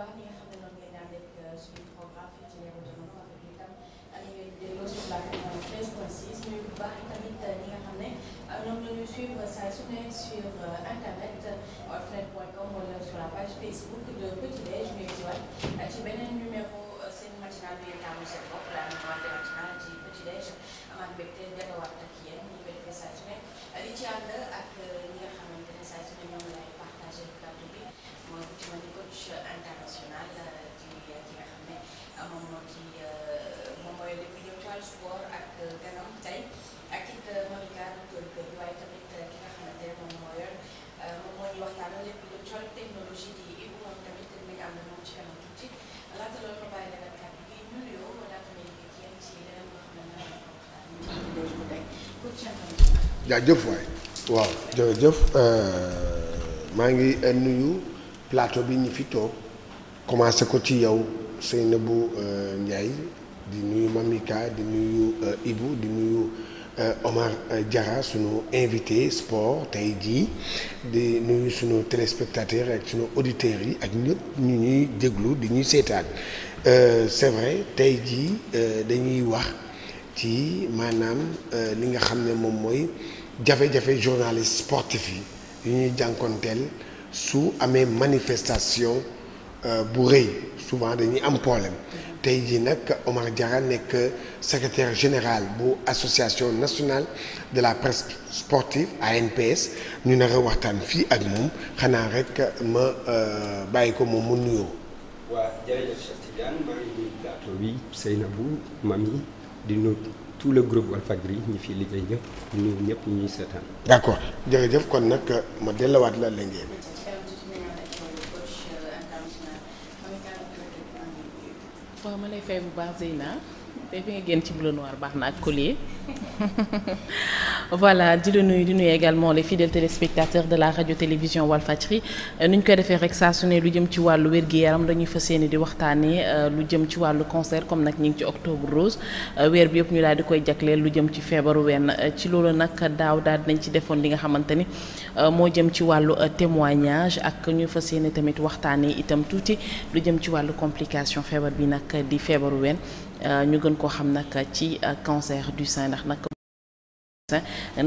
baax li nga xam ne noonu ngay daan rek suñu programme fii ci Leral Jamono ak itam ñu ngi dégloo sur la 93.6 ñu bu baax tamit ñi nga xam ne ñoom la ñuy suivre saa su ne sur internet walfred.com wala sur la page Facebook eh, de Petit Déj ñu ngi waat ci beneen numéro seen matinal bi ngeen taamu seen bopp la nouvelle matinale ci Petit Déj amaat mbégte delluwaat ak yéen ñu ngi koy defee saa su ne di ci ànd ak ñi nga xamante ne saa su ne ñoom la mooy ku ci mel ni international ci ki nga xam ne mooy lépp jëm ci wàllu ak ganam tey ak it Monica docteur kër waaye ki nga xamante ne moom moo yor moom moo ñu di ibu moom tamit dinañ am na moom ci kanam tuuti laata loolu ma bàyyi la kàddu gi ñu nuyoo laata jërëjëf euh, maa ngi euh, nuyu plateau bi ñu fi toog commencé ko ci yow Seynabou euh, Ndiaye di nuyu Mamika di nuy euh, Ibou di nuyu euh, Omar jara suñu invité sport tey jii di nuyu sunu téléspectateurs ak sunu auditeurs yi ak ñëpp ñu ñuy déglu di ñuy seetaan c'est vrai tey jii dañuy wax ci maanaam li nga xam ne moom mooy jafe-jafe journaliste sportif yi yu ñuy jànkoonteel. su amee manifestation euh, bu rëy souvent dañuy am problème tey jii nag Omar Diarra nekk secretaire général bu association nationale de la presque sportive ANPS ñu ne a waxtaan fii ak moom xanaa rek ma euh, bàyyi ko moom mu nuyoo. waa jërëjëf Cheikh Tidiane maa ngi tout le groupe Walfadjri ñi fi liggéey ñëpp di nuyu ñuy seetaan. d'accord jërëjëf kon nag ma delluwaat la léegi. waaw ma lay fay bu baax Zeyna tey fi nga génn ci bleu noir baax na ak collier voilà di la nuyu di nuyu également les fidèles téléspectateurs de la radio télévision Walfadjri euh, ni ñu koy defee rek saa su ne lu jëm ci wàllu wér-gu-yaram dañuy fas yéene di waxtaanee euh, lu jëm ci wàllu nag ñu ngi ci octobre rose euh, weer bi yëpp ñu daal di koy jagleel lu jëm ci feebaru wenn ci loolu nag daaw daal dinañ ci defoon li nga xamante ni moo jëm ci wàllu témoignage ak ñu fas yéene tamit waxtaanee itam tuuti lu jëm ci wàllu complication feebar bi nag di feebaru wenn ñu gën koo xam nag ci cancer du sein ndax nag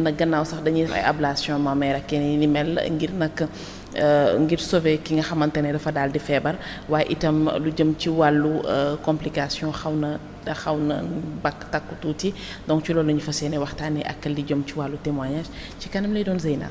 na gannaaw sax dañuy def ay ablation mammaire ak yeneen ni mel ngir nag euh, ngir sauver ki nga xamante ne dafa daal di feebar waaye itam lu jëm ci wàllu euh, complication xaw na xaw na bakk takku tuuti donc ci loolu la ñu fas yéene waxtaanee ak li jëm ci wàllu témoignage ci kanam lay doon Zeyna.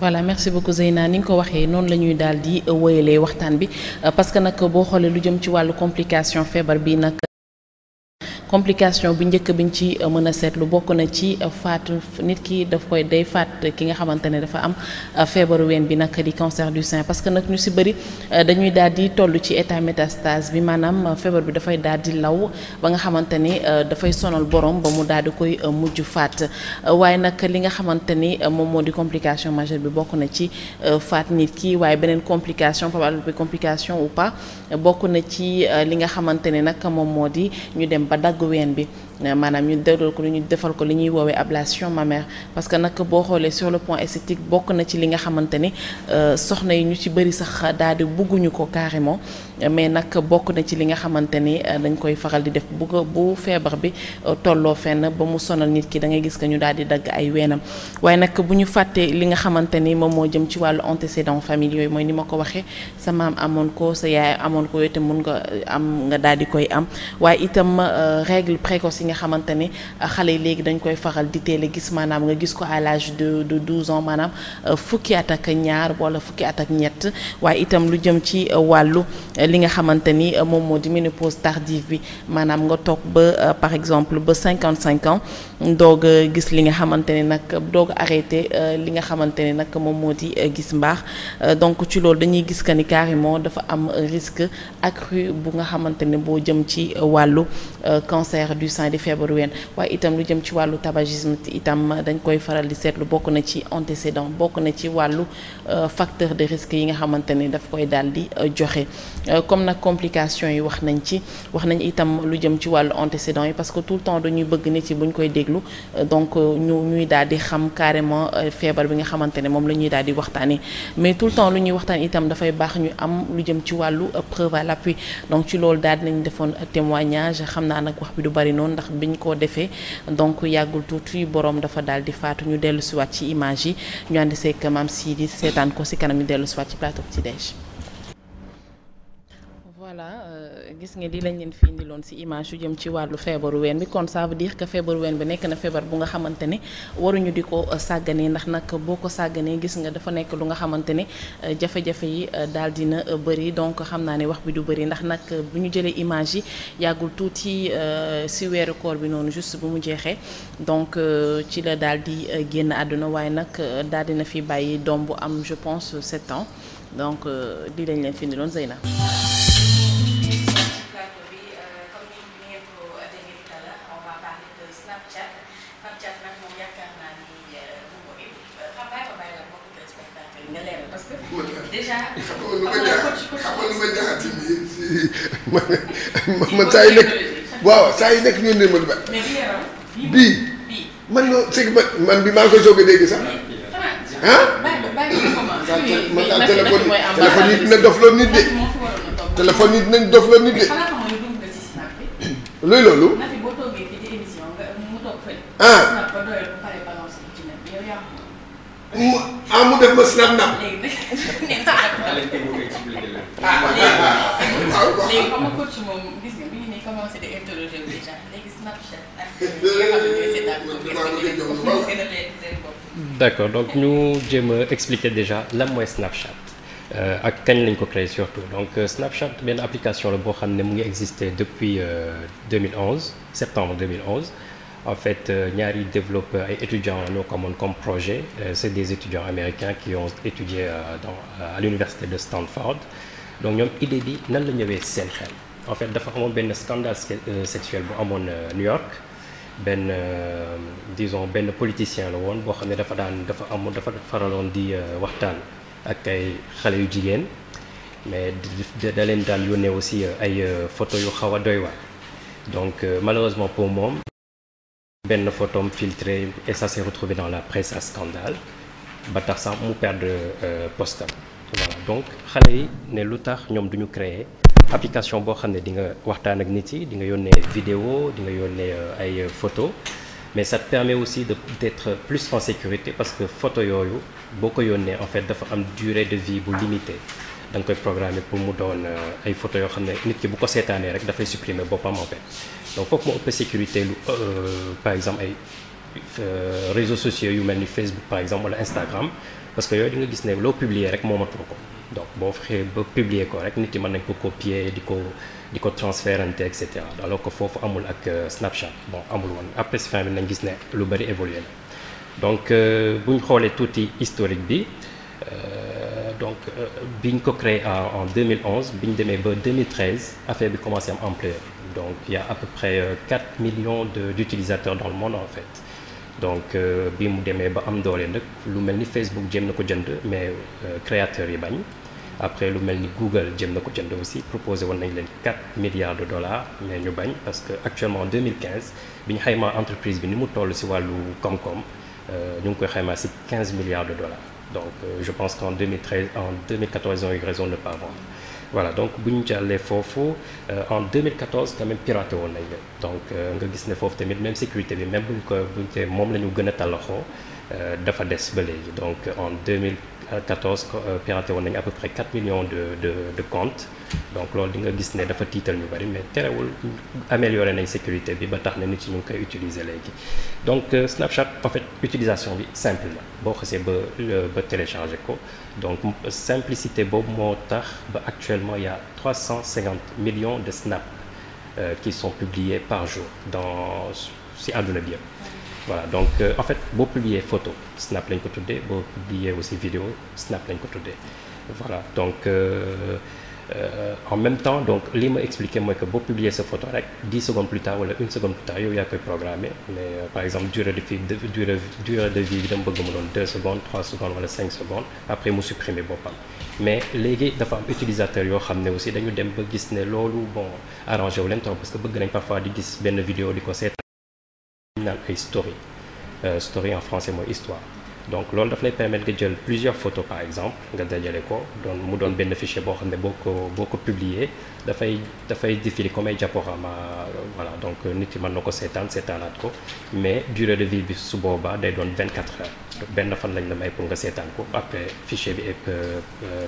voilà merci beaucoup Zeyna ni nga ko waxee noonu la ñuy daal di wéyalee waxtaan bi euh, parce que nag boo xoolee lu jëm ci wàllu complication feebar bi nag. complication bu njëkk biñ ci euh, mën a seetlu bokk na ci euh, faatu nit ki daf koy day faat ki nga xamante ne dafa am euh, feebaru ween bi nag di cancer du sein parce que nag ñu si bëri dañuy daal di toll ci état métastase bi maanaam feebar bi dafay daal di law ba nga xamante ni dafay sonal borom ba mu daal di koy mujj faat waaye nag li nga xamante ni moom moo di complication majeure bi bokk na ci faat nit ki waaye beneen complication probable bi complication ou pas bokk na ci li nga xamante ne nag moom moo di ñu dem ba dagg gu ween bi maanaam ñu dégloo ko lu ñu defal ko li ñuy woowee ablation mammaire parce que nag boo xoolee sur le point esthétique bokk na ci li nga xamante ni euh, soxna yi ñu ci bëri sax daal di bugguñu ko carrément mais nag bokk na ci li nga xamante ni euh, dañ koy faral di def bu bu feebar bi euh, tolloo fenn ba mu sonal nit ki da ngay gis que ñu daal di dagg ay weenam waaye nag bu ñu fàttee li nga xamante ni moom moo jëm ci wàllu antécédents familiaux yooyu mooy ni ma ko waxee sa maam amoon ko sa yaay amoon ko yooyu te mun nga am nga daal di koy am waaye itam règle précoce nga xamante ne euh, xale yi léegi dañ koy faral di teel a gis maanaam nga gis ko à l'âge de de douze ans maanaam euh, fukki at ak ñaar wala fukki at ak ñett waaye itam lu jëm ci euh, wàllu li nga xamante ni moom moo di ménopause tardive bi maanaam nga toog ba par exemple ba cinquante cinq ans doog gis li nga xamante ne nag doog arrêté li nga xamante ne nag moom moo di gis mbaax donc ci loolu dañuy gis que ni carrément dafa am risque accru bu nga xamante ne boo jëm ci wàllu cancer du sein di feebaru ween waaye itam lu jëm ci wàllu tabagisme itam dañ koy faral di seetlu bokk na ci antécédent bokk na ci wàllu euh, facteur de risque yi nga xamante ni daf koy daal di euh, joxe Euh, comme nag complication yi wax nañ ci wax nañ itam lu jëm ci wàllu antécédent yi parce que tout le temps dañuy bëgg nit yi bu ñu koy déglu euh, donc euh, ñu ñuy daal di xam carrément feebar bi nga xamante ne moom la ñuy daal di waxtaanee mais tout le temps lu ñuy waxtaan itam dafay baax ñu am lu jëm ci wàllu preuve à l'appui donc ci loolu daal dinañ defoon témoignage xam naa nag wax bi du bari noonu ndax biñ ko defee donc yàggul tuuti boroom dafa daal di faatu ñu dellu siwaat ci image yi ñu ànd seeg maam Sidi seetaan ko si kanam ñu dellu siwaat ci plateau ci déj voilà euh, gis nga lii lañ leen fi indiloon ci image yu jëm ci wàllu feebaru ween bi kon saa veut dire feebaru ween bi nekk na feebar bu nga xamante ne waruñu di ko euh, sàgganee ndax nag boo ko sàgganee gis nga dafa nekk lu nga xamante ne euh, jafe-jafe yi daal dina bëri donc xam naa ni wax bi du bëri ndax nag bu ñu jëlee image yi yàggul tuuti ci weeru koor bi noonu juste bu mu jeexee donc ci la daal di génn àdduna waaye nag daal dina fi bàyyi doom bu am je pense sept donc lii lañ leen fi indiloon Zeyna déjà. man saa yu nekk waaw saa yi nekk ñun ne ma ba. bii man non c'est que man bi maa ngi koy soog a dégg sax. ah. man daal téléphone téléphone yi dina dofloo nit de. téléphone yi dinañ dofloo nit de. luy loolu. ah. mu ah mu def ma snap nap. Snapchat d' accord donc ñu jéem a expliquer déjà lan mooy Snapchat euh, ak kañ lañ ko créé donc euh, Snapchat benn application la boo xam ne mu ngi existé depuis 2011 euh, septembre 2011. en fait euh, ñaari développeurs ay étudiants ñoo ko amoon comme projet euh, c'est des étudiants américains qui ont étudié euh, dans à l'université de Stanford donc ñoom idée bi nan la ñëwee seen xel en fait dafa amoon benn scandale sexuel bu amoon New York benn disons benn politicien la woon boo xam ne dafa daan dafa amoon dafa faraloon di waxtaan ak ay xale yu jigéen mais da leen daan yónnee aussi ay photos yu xaw a doy waar donc malheureusement pour moom benn photom filtré et ça s'est retrouvé dans la presse à scandale ba tax sax mu perdre euh, postam voilà donc xale yi ne lu tax ñoom duñu créer application boo xam ne di nga waxtaan ak nit yi di nga yónnee vidéo di nga yónnee euh, ay euh, photo mais ça te permet aussi de d'être plus en sécurité parce que photo yooyu boo ko yónnee en fait dafa am dure de vie bu limitée da koy programmer pour mu doon ay photo yoo xam ne nit ki bu ko seetaanee rek dafay supprimer boppam en donc foofu moo ëpp sécurité euh, par exemple ay euh, réseaux sociaux yu mel ni Facebook par exemple wala Instagram parce que yooyu di nga gis ne loo publier rek moomatoo ko donc boo fexee ba publier ko rek nit yi mën nañ ko copier di ko di ko transférante et cetera alors ko foofu amul ak euh, Snapchat bon amul woon après si fin bi nañ gis ne lu bari évolué na donc bu ñu xoolee tuuti historique bi donc bi ñu ko créé en 2011 bi ñu demee ba 2013 affaire bi commencé am ampleur. Donc il y a à peu près 4 euh, millions d'utilisateurs dans le monde en fait donc euh, bi mu demee ba am doole nag lu mel ni Facebook jéem na ko jënd mais euh, créateurs yi bañ après lu mel ni Google jéem na ko jënd aussi proposé woon nañ leen 4 milliards de dollars mais ñu bañ parce que actuellement en 2015 bi ñu xaymaa entreprise bi ni mu toll ci wàllu koom-koom ñu ngi koy xaymaa ci 15 milliards de dollars donc je pense qu'en 2013 en 2014 ils ont eu raison ne pas vendre voilà donc bu ñu jàllee foofu euh, en 2014 quand même woon nañ leen donc euh, nga gis ne foofu tamit même sécurité bi même buñ ko buñ ko moom la ñu gën a talaxoo euh, dafa des ba léegi donc en 2000 2014 euh, euh, piraté woon nañu à peu près 4 millions de de de comptes donc loolu di nga gis ne dafa tiital ñu bari mais terewul amélioré nañ sécurité bi ba tax na nit ñi ñu ngi koy utiliser léegi. donc euh, Snapchat en fait utilisation bi simple la boo xasee ba ba télécharger ko donc simplicité boobu moo tax ba actuellement il y a 350 millions de snaps euh, qui sont publiés par jour dans si àdduna bi yëpp. voilà donc euh, en fait boo publier photo snap lañ ko tuddee boo publier aussi vidéo snap lañ ko tuddee voilà donc euh, euh, en même temps donc li ma expliqué mooy que boo publier sa photo rek 10 secondes plus tard wala une seconde plus tard yow yaa koy programmer mais euh, par exemple durée de vie durée de vie dama bëgg mu doon 2 secondes 3 secondes wala 5 secondes après mu supprimer boppam mais léegi dafa am utilisateur yoo xam ne aussi dañu dem ba gis ne loolu bon arrangé wu leen naan ay story euh, story en français mooy histoire donc loolu daf lay permettre nga jël plusieurs photos par exemple nga dajale ko doon mu doon benn fichier boo xam ne boo ko boo ko publier dafay dafay défiler comme ay diaporama euh, voilà donc euh, nit yi mën na ko seetaan seetaanaat ko mais durée de vie bi su boobaa day doon 24 heures benn fan lañ la may pour nga seetaan ko après fichier bi ëpp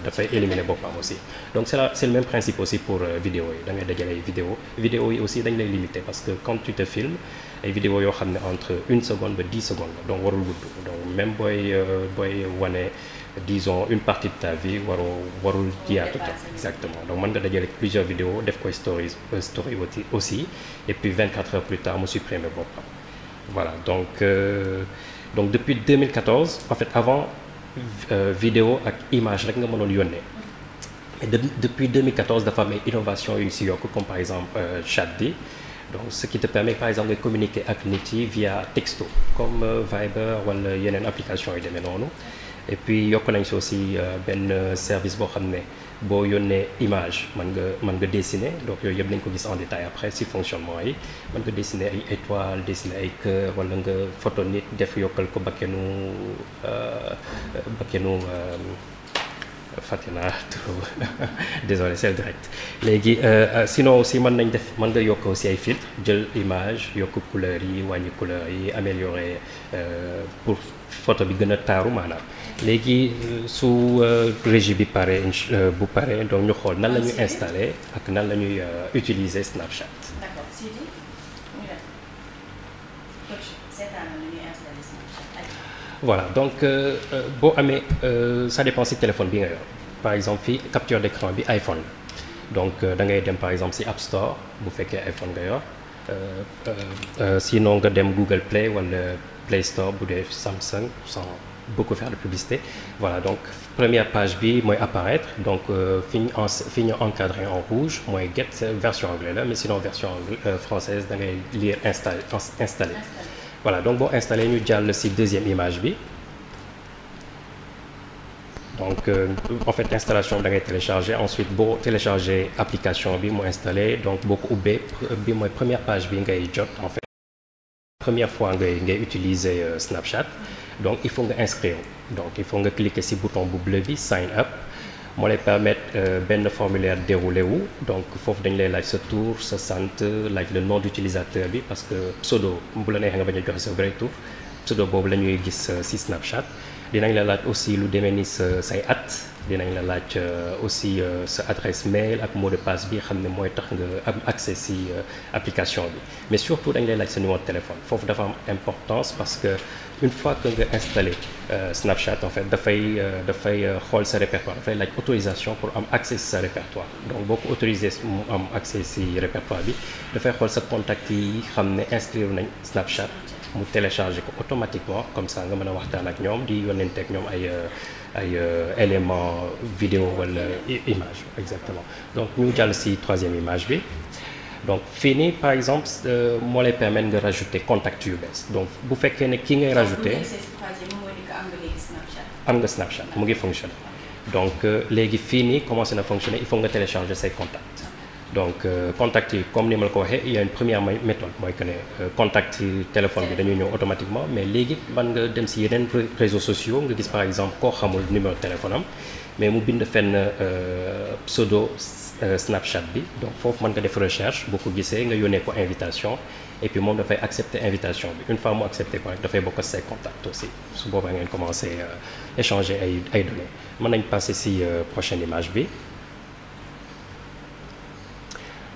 dafay éliminer boppam aussi donc c'est la c'est le même principe aussi pour vidéo yi da aussi dañ lay limiter parce que quand tu ay vidéo yoo xam ne entre une seconde ba dix secondes la donc warul gudd donc même booy euh, booy wane disons une partie de ta vie warul jiyaatu ta exactement donc mën nga dajale plusieurs vidéos def koy stories story euh, aussi et puis 24 heures plus tard mu supprimer boppam voilà donc euh, donc depuis 2014 en fait avant euh, vidéo ak image rek nga mënoon yónnee mais depuis 2014 dafa am ay innovation yu ñu si yokk comme par exemple euh, chat bi donc ce qui te permet par exemple de communiquer ak nit yi via texto comme euh, Viber wala yeneen application yu demee noonu et puis yokk nañ si aussi euh, benn euh, service boo xam ne boo yónnee image mën nga mën nga dessiner donc yooyu yëpp nañ ko gis en détail après si fonctionnement yi mën nga dessiner ay étoile dessiner ay cœur nga foto nit def yokkal ko bakkenu bakkenu fàtte naa désolé c'est direct léegi euh, euh, sinon aussi mën nañ def mën nga yokk aussi ay filtre jël image yokk couleur yi wàññi couleur yi améliorer euh, pour photo bi gën a taaru maanaam léegi su régie bi pare bu pare donc ñu xool nan la ñuy installer ak nan la ñuy utiliser Snapchat. voilà donc euh, euh, boo amee euh, ça dépend si téléphone bi nga par exemple fii capture d'écran bi iPhone donc da ngay dem par exemple si App Store bu fekkee iPhone nga yor sinon nga dem Google Play wala Play Store bu dee Samsung sans beaucoup faire de publicité voilà donc première page bi mooy apparaître donc fi ñu en fi ñu encadré en rouge mooy get version anglais la mais sinon version française da ngay lire installé installé. voilà donc boo installé ñu jàll si deuxième image bi donc euh, en fait installation bi da ngay télécharger ensuite boo télécharger application bi mu installé donc boo ko ubbee bi mooy première page bi ngay jot en fait première fois ngay ngay utiliser euh, Snapchat donc il faut nga inscrire donc il faut nga cliquer si bouton bu bleu bi sign up moo lay permettre euh, benn formulaire déroulé wu donc foofu dañ lay laaj sa tour sa sant laaj le nom utilisateur bi parce que pseudo bu la neexee nga bañ joxe sa vrai tour pseudo boobu la ñuy gis euh, si Snapchat dinañ la laaj aussi lu demee ni sa say at dinañ la laaj euh, aussi euh, sa adresse mail ak mot de passe bi xam ne mooy tax nga am accès si euh, application bi mais surtout dañ lay laaj sa numéro de téléphone foofu dafa am importance parce que une fois que nga installé Snapchat en fait dafay dafay xool sa répertoire dafay laaj autorisation pour am accès si sa répertoire donc boo ko autorisé mu am accès si répertoire bi dafay xool sa contact yi xam ne inscrire nañ Snapchat mu téléchargé ko automatiquement comme ça nga mën a waxtaan ak ñoom di yónnante ak ñoom ay ay euh, élément vidéo wala image exactement donc ñu jàll si troisième image bi donc fii nii par exemple euh, moo lay permettre nga rajouter contact yu donc bu fekkee ne ki ngay rajouter am nga Snapchat mu ngi fonctionner donc euh, léegi fii nii commencé na fonctionner il faut nga télécharger say contacts donc euh, contact yi comme ni ma la ko waxee il y a une première méthode mooy que ne euh, contact ci téléphone bi dañuy ñëw automatiquement mais léegi man nga dem si yeneen réseaux sociaux nga gis par exemple koo xamul numéro téléphone am mais mu bind fenn euh, pseudo Snapchat bi donc foofu mën nga def recherche boo ko gisee nga yónnee ko invitation et puis moom dafay accepter invitation bi une fois mu accepté ko rek dafay bokk ak ses contacts aussi su boobaa ngeen commencé échanger ay ay mën nañ passer si prochaine bi.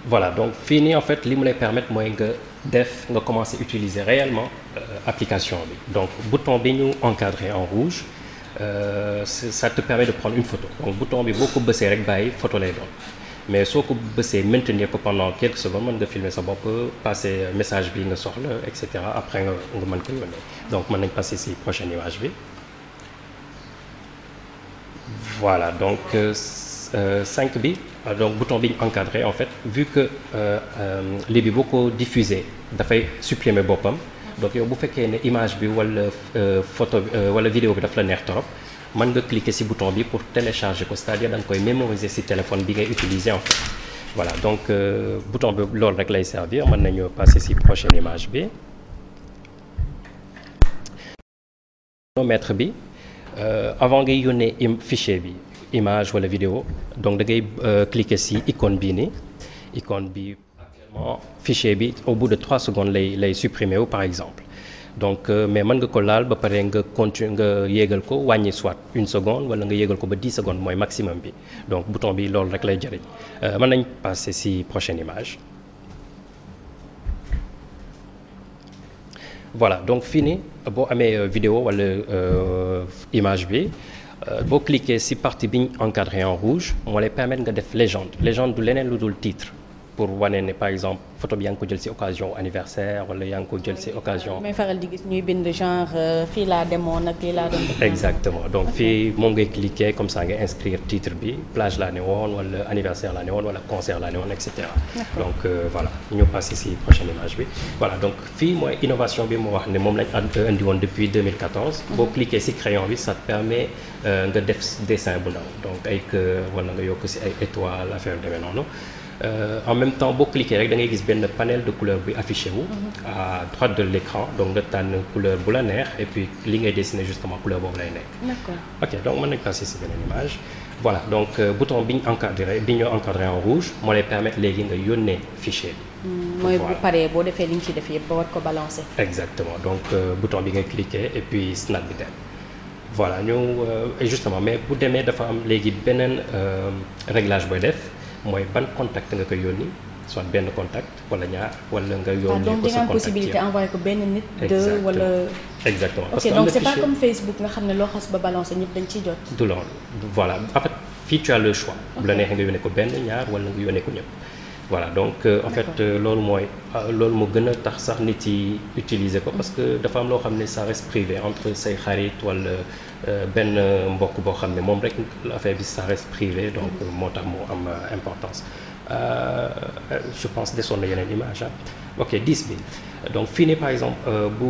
voilà donc fii nii en fait li mu lay permettre mooy nga def nga commencer utiliser réellement euh, application bi donc bouton bi ñu encadré en rouge euh, ça te permet de prendre une photo donc bi boo ko bësee rek bàyyi photo lay doon mais soo ko bësee maintenir ko pendant quelques secondes mën nga filmer sa bopp passer message bi nga soxla et cetera après nga man mën ko yónnee donc mën nañ passer ci prochaine image bi voilà donc euh, euh, cinq bi. Euh, donc bouton bi ñu encadré en fait vu que euh, euh, lii bi boo ko diffusé dafay supprimer boppam donc yow bu fekkee ne image bi wala photo wala vidéo bi daf la neex trop mën nga cliquer ci bouton bi pour télécharger ko c'est-à-dire da nga koy mémoriser ci téléphone bi ngay utiliser en fait voilà donc bouton bi loolu rek lay servir mën nañu passer ci prochaine image bi chronomètre avant ngay yónnee im bi image wala vidéo donc da ngay euh, ci icône bii nii icône bi actuellement fichier bi au bout de trois secondes lay lay supprimer par exemple donc euh, mais man nga ko laal ba pare nga continuer nga yégal ko wàññi soit une seconde wala nga yégal ko ba 10 secondes mooy maximum bi donc bouton bi loolu rek lay jëriñ euh, mën nañ passer si prochaine image voilà donc fii boo amee vidéo wala image bi Euh, boo cliquer si partie bi ñu encadré en rouge moo lay permettre nga def légende légende du leneen lu dul titre pour wanee ne par exemple photo bi yaa ngi ko jël ci occasion anniversaire wala yaa ngi ko jël ci occasion. may faral di gis ñuy bind genre euh, fii laa demoon ak fii exactement donc fii moom ngay cliquer comme ça nga inscrire titre bi plage laa ne woon wala anniversaire laa ne woon wala concert laa ne woon et cetera. donc euh, voilà bi. voilà donc fii mooy innovation bi moo wax ne moom lañ euh, andi woon depuis 2014. Mhm. boo cliquer ci crayon bi ça te permet euh, nga def dessin bu ndaw donc ay kër wala nga yokk si ay étoiles affaire yu demee Euh, en même temps boo cliquer rek da ngay gis benn panel de couleur bi affiché wu. Mhm. à droite de l'écran donc nga tànn couleur bu la neex et puis li ngay dessiner justement couleur boobu lay nekk. d'accord ok donc mën nañ passer si beneen image. voilà donc euh, bouton bi ñu encadré bi ñu encadré en rouge moo lay léegi nga yónnee fichier bi. Hmm, mooy bu boo defee li ci def yëpp ba war ko exactement donc euh, bouton bi nga cliquer et puis snap bi dem. voilà ñu et justement mais bu demee dafa am léegi beneen réglage booy def. mooy ban contact nga koy yónni soit benn contact wala ñaar wala nga ah, yónni ko sa contact donc ko benn nit. deux wala. exactement parce que comme Facebook nga xam ne loo xas ba balancé ñëpp dañ ciy jot. du loolu voilà en fait fii tu as le choix. bu la neexee nga yónnee ko benn ñaar wala nga yónnee ko ñëpp. voilà donc euh, en fait euh, loolu mooy euh, loolu moo gën a tax sax nit yi utiliser ko parce que mm-hmm. dafa am loo xam ne ça reste privé entre say xarit walla benn mbokk boo xam ne moom rek affaire bi ça reste donc mm-hmm. moo tax moo am importance je pense desoon na yeneen image ok diis bi donc fii nii par exemple bu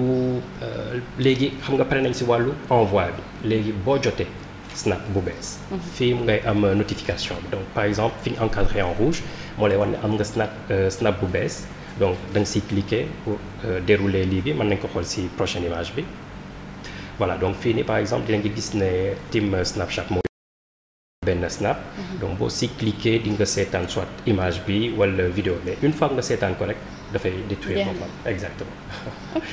léegi xam nga pare nañ si wàllu envoi bi léegi boo jotee snap bu bees. Mhm. fii mu ngay am euh, notification bi donc par exemple fi ñu encadré en rouge moo lay wax ne am nga snap euh, snap bu bees donc da nga siy cliquer pour euh, dérouler lii bi mën nañ ko xool si prochaine image bi voilà donc fii nii par exemple dinañ gis ne team Snapchat moo benn snap. Mhm. donc boo si cliquer di nga seetaan soit image bi wala vidéo mais une fois nga seetaan ko rek dafay détruire boppam exactement ok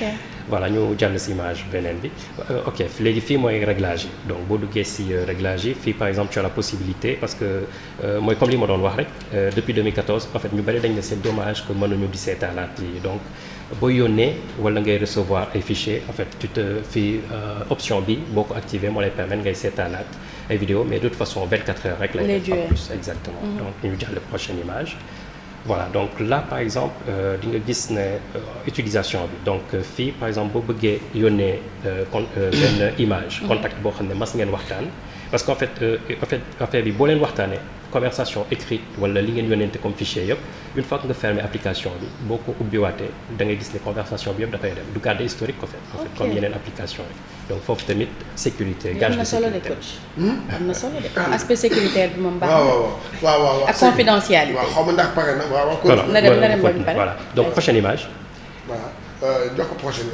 voilà ñu jàll si image beneen bi euh, ok léegi fii mooy réglage yi donc boo duggee si euh, réglage fii par exemple tu as la possibilité parce que euh, mooy comme li ma doon wax rek depuis 2014 en fait ñu bari dañ ne c'est dommage que mënuñu di seetaanaat yi donc boo yónnee wala ngay recevoir ay fichiers en fait tu te fii option bi boo ko activer moo lay permettre ngay seetaanaat ay vidéo mais de toute façon 24 heures rek. lay def plus exactement. Mm -hmm. donc ñu jàll prochaine image. voilà donc la par exemple euh, di nga gis ne euh, utilisation bi donc euh, fii par exemple boo bëggee yónnee con benn image. Mhm. contact boo xam ne mas ngeen waxtaan. parce que en fait en fait bi boo leen waxtaanee. conversation écrite wala li ngeen yónnente comme fichier yëpp une fois que nga fermer application bi boo ko ubbiwaatee da ngay gis ne conversation bi yëpp dafay dem du garder historique ko fait comme yeneen application yi donc foofu tamit sécurité gage de sécurité am na solo de hmm? aspect sécuritaire bi moom baax na waaw waaw ak confidentialité waaw xaw ma ndax euh,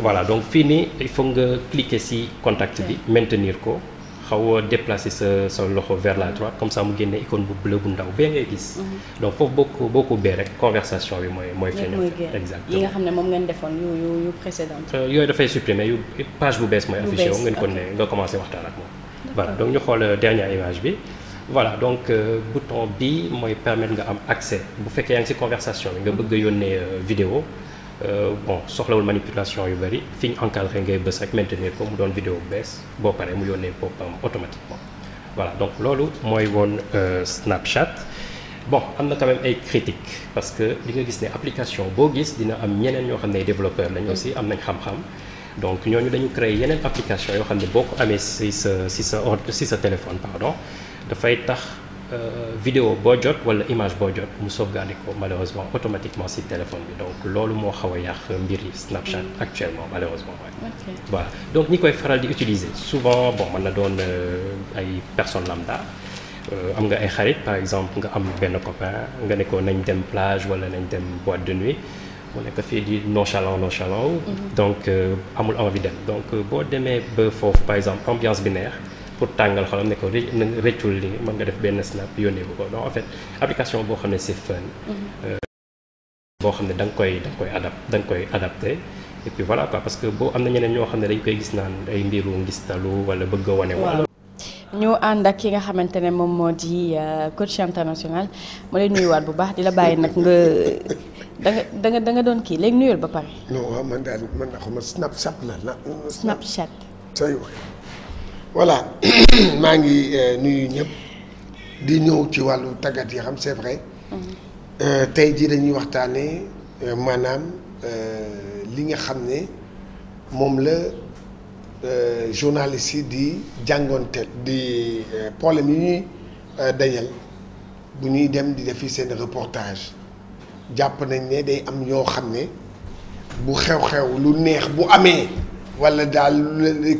voilà donc fii nii il nga cliquer ci contact bi maintenir ko xaw déplacer sa sa loxo vers la droite comme ça mu génne icône bu bleu bu ndaw bee ngay gis. Mhm. donc foofu boo ko boo ko rek conversation bi mooy mooy. feeñoo exactement yi nga xam ne moom ngeen defoon yu yu yu précédente. Euh, yooyu dafay supprimer yu page bu bees mooy. affiché wu ngeen ko ne nga commencé waxtaan ak moom. voilà donc ñu xool euh, dernière image bi. voilà donc bu euh, bouton bi mooy permettre nga am accès bu fekkee yaa ngi ci conversation bi nga mhm. bëgg a yónnee vidéo Euh, bon soxlawul manipulation yu bëri fi ñu encadré ngay bës ak maintenir ko mu doon vidéo bu bees boo paree mu yónnee boppam automatiquement voilà donc loolu mooy woon euh, Snapchat bon am na quand ay critiques parce que li nga gis ne application boo gis dina am ñeneen ñoo xam ne développeur lañ aussi am nañ xam-xam donc ñooñu dañu créer yeneen application yoo xam ne boo ko amee si sa si sa si sa téléphone pardon dafay tax Euh, vidéo boo jot wala image boo jot mu sauvegarder ko malheureusement automatiquement si téléphone bi donc loolu moo xaw a yàq mbir yi Snapchat mm. actuellement malheureusement ouais. okay. donc ñi koy faral di utiliser souvent bon na doon euh, ay personnes lambda euh, am nga ay xarit par exemple nga am benn copain nga ne ko nañ dem plage wala nañ dem boîte de nuit mu nekk fii di nonchalant nonchalant mm-hmm. donc amul envie dem donc boo demee ba foofu par exemple ambiance bi neex pour tàngal xolam ne ko rëccul li mën nga def benn snap yónnee bu ko donc a fait application boo xam ne c'est fun mm-hmm. euh, boo xam ne da nga koy da koy adap da koy adapté et puis voilà parce que boo am na ñeneen ñoo xam ne dañ koy gis naan ay mbiru ngistalu wala bëgg a wane wala ñu ànd ak ki nga xamante ne moom moo di euh, coach international ma lay waat bu baax di la bàyyi nag nga da nga da doon kii léegi nuyul ba pare. non waaw man daal man xaw ma voilà maa ngi euh, nuyu ñëpp di ñëw ci wàllu tàggat yi xam c'est vrai mm-hmm. euh, tey jii dañuy waxtaanee euh, maanaam li nga xam ne moom la journaliste yi di jàngoonte di problème yi ñuy dajal bu ñuy dem di defi seen reportage jàpp nañ ne day am ñoo xam ne bu xew-xew lu neex bu amee walla daal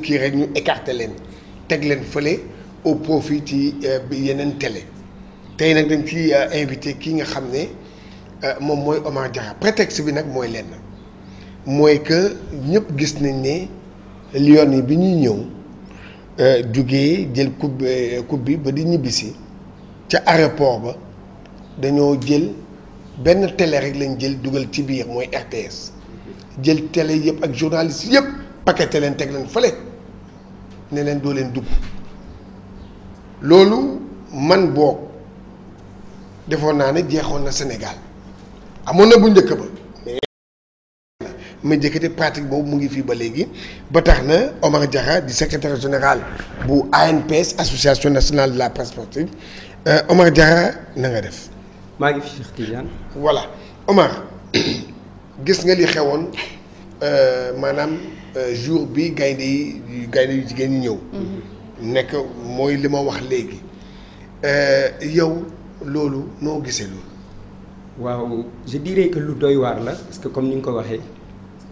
kii rekk ñu écarté leen teg leen fële au profit ci euh, yeneen télé tey nag dañ ci euh, invité kii nga xam ne euh, moom mooy Omar Diarra prétexte bi nag mooy lenn mooy que ñëpp gis nañ ne Lions yi bi ñuy ñëw jugee jël coupe coupe bi ba di ñibbisi ca aéroport ba dañoo jël benn télé rek lañ jël dugal ci biir mooy RTS jël télé yëpp ak journaliste yëpp paqueté leen teg leen fële. ne leen doo leen dugg loolu man boog defoon naa ne jeexoon na Sénégal amoon na bu njëkk ba mais jëkkate pratique boobu mu ngi fii ba léegi ba tax na Omar Diarra di secrétaire général bu ANPS association nationale de la presse sportive euh, Omar Diarra na def. maa voilà Omar gis nga li xewoon euh, maanaam. Euh, jour bi gaynde yi gaynde yu jigéen ñëw. Mm-hmm. nekk mooy li ma wax léegi euh, yow loolu noo gisee loolu. waaw je dirais que lu doy waar la parce que comme ni nga ko waxee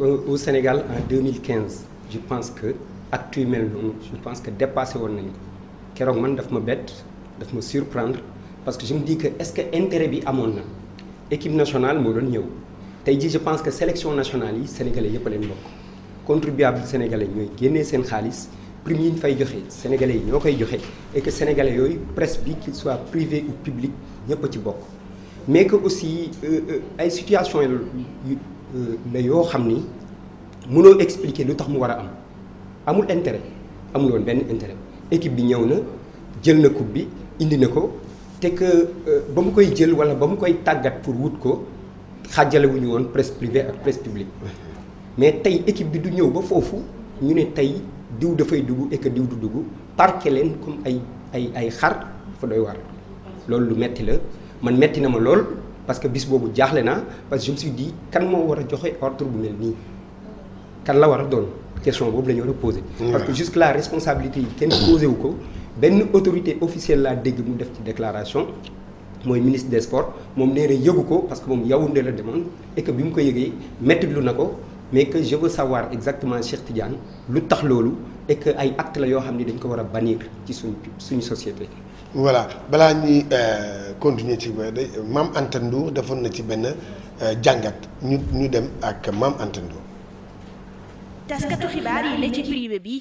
au Sénégal en 2015 je pense que acte yu mel noonu je pense que dépassé woon nañ keroog man daf ma bett daf ma surprendre parce que je me que est-ce que intérêt bi amoon na équipe nationale moo doon ñëw tey jii je pense que sélection nationale yi sénégalais yëpp a leen bokk. contribuable sénégalais ñooy génnee seen xaalis prime yi ñu fay joxee sénégalais yi ñoo koy joxe et que sénégalais yooyu presse bi qu'il soit privé ou ñëpp ci bokk mais que aussi euh, euh, ay situation euh, la yoo xam ni mënoo expliquer lu tax mu war a am amul intérêt amul woon benn intérêt équipe bi ñëw na jël na coupe bi indi na ko te que ba koy jël walla ba mu koy tàggat pour wut ko xàjjalewuñu woon presse privée ak presse publique mais tey équipe bi du ñëw ba foofu ñu ne tey diw dafay dugg et diw du dugg parke leen comme ay ay ay xar dafa doy war loolu lu metti la man metti na ma lool parce que bis boobu jaaxle naa parce que je kan moo war a joxe ordre bu mel nii kan la war a doon question boobu la ñu a posé parce que jusque responsabilité yi kenn posé wu ko benn autorité officielle laa dégg mu def ci déclaration mooy ministre des sports moom nee yëgu ko parce que moom Yaoundé la demoon et bi mu ko yëgee metti na ko mais que je sawar exactement Cheikh Tidiane lu tax loolu et ay actes la yoo xam ni dañ ko war a bannir ci suñ suñu société. voilà balaa ñuy euh, continuer ci maam Anta defoon na ci benn euh, jàngat ñu ñu dem ak maam Anta taskatu xibaar yi ne ci privé bi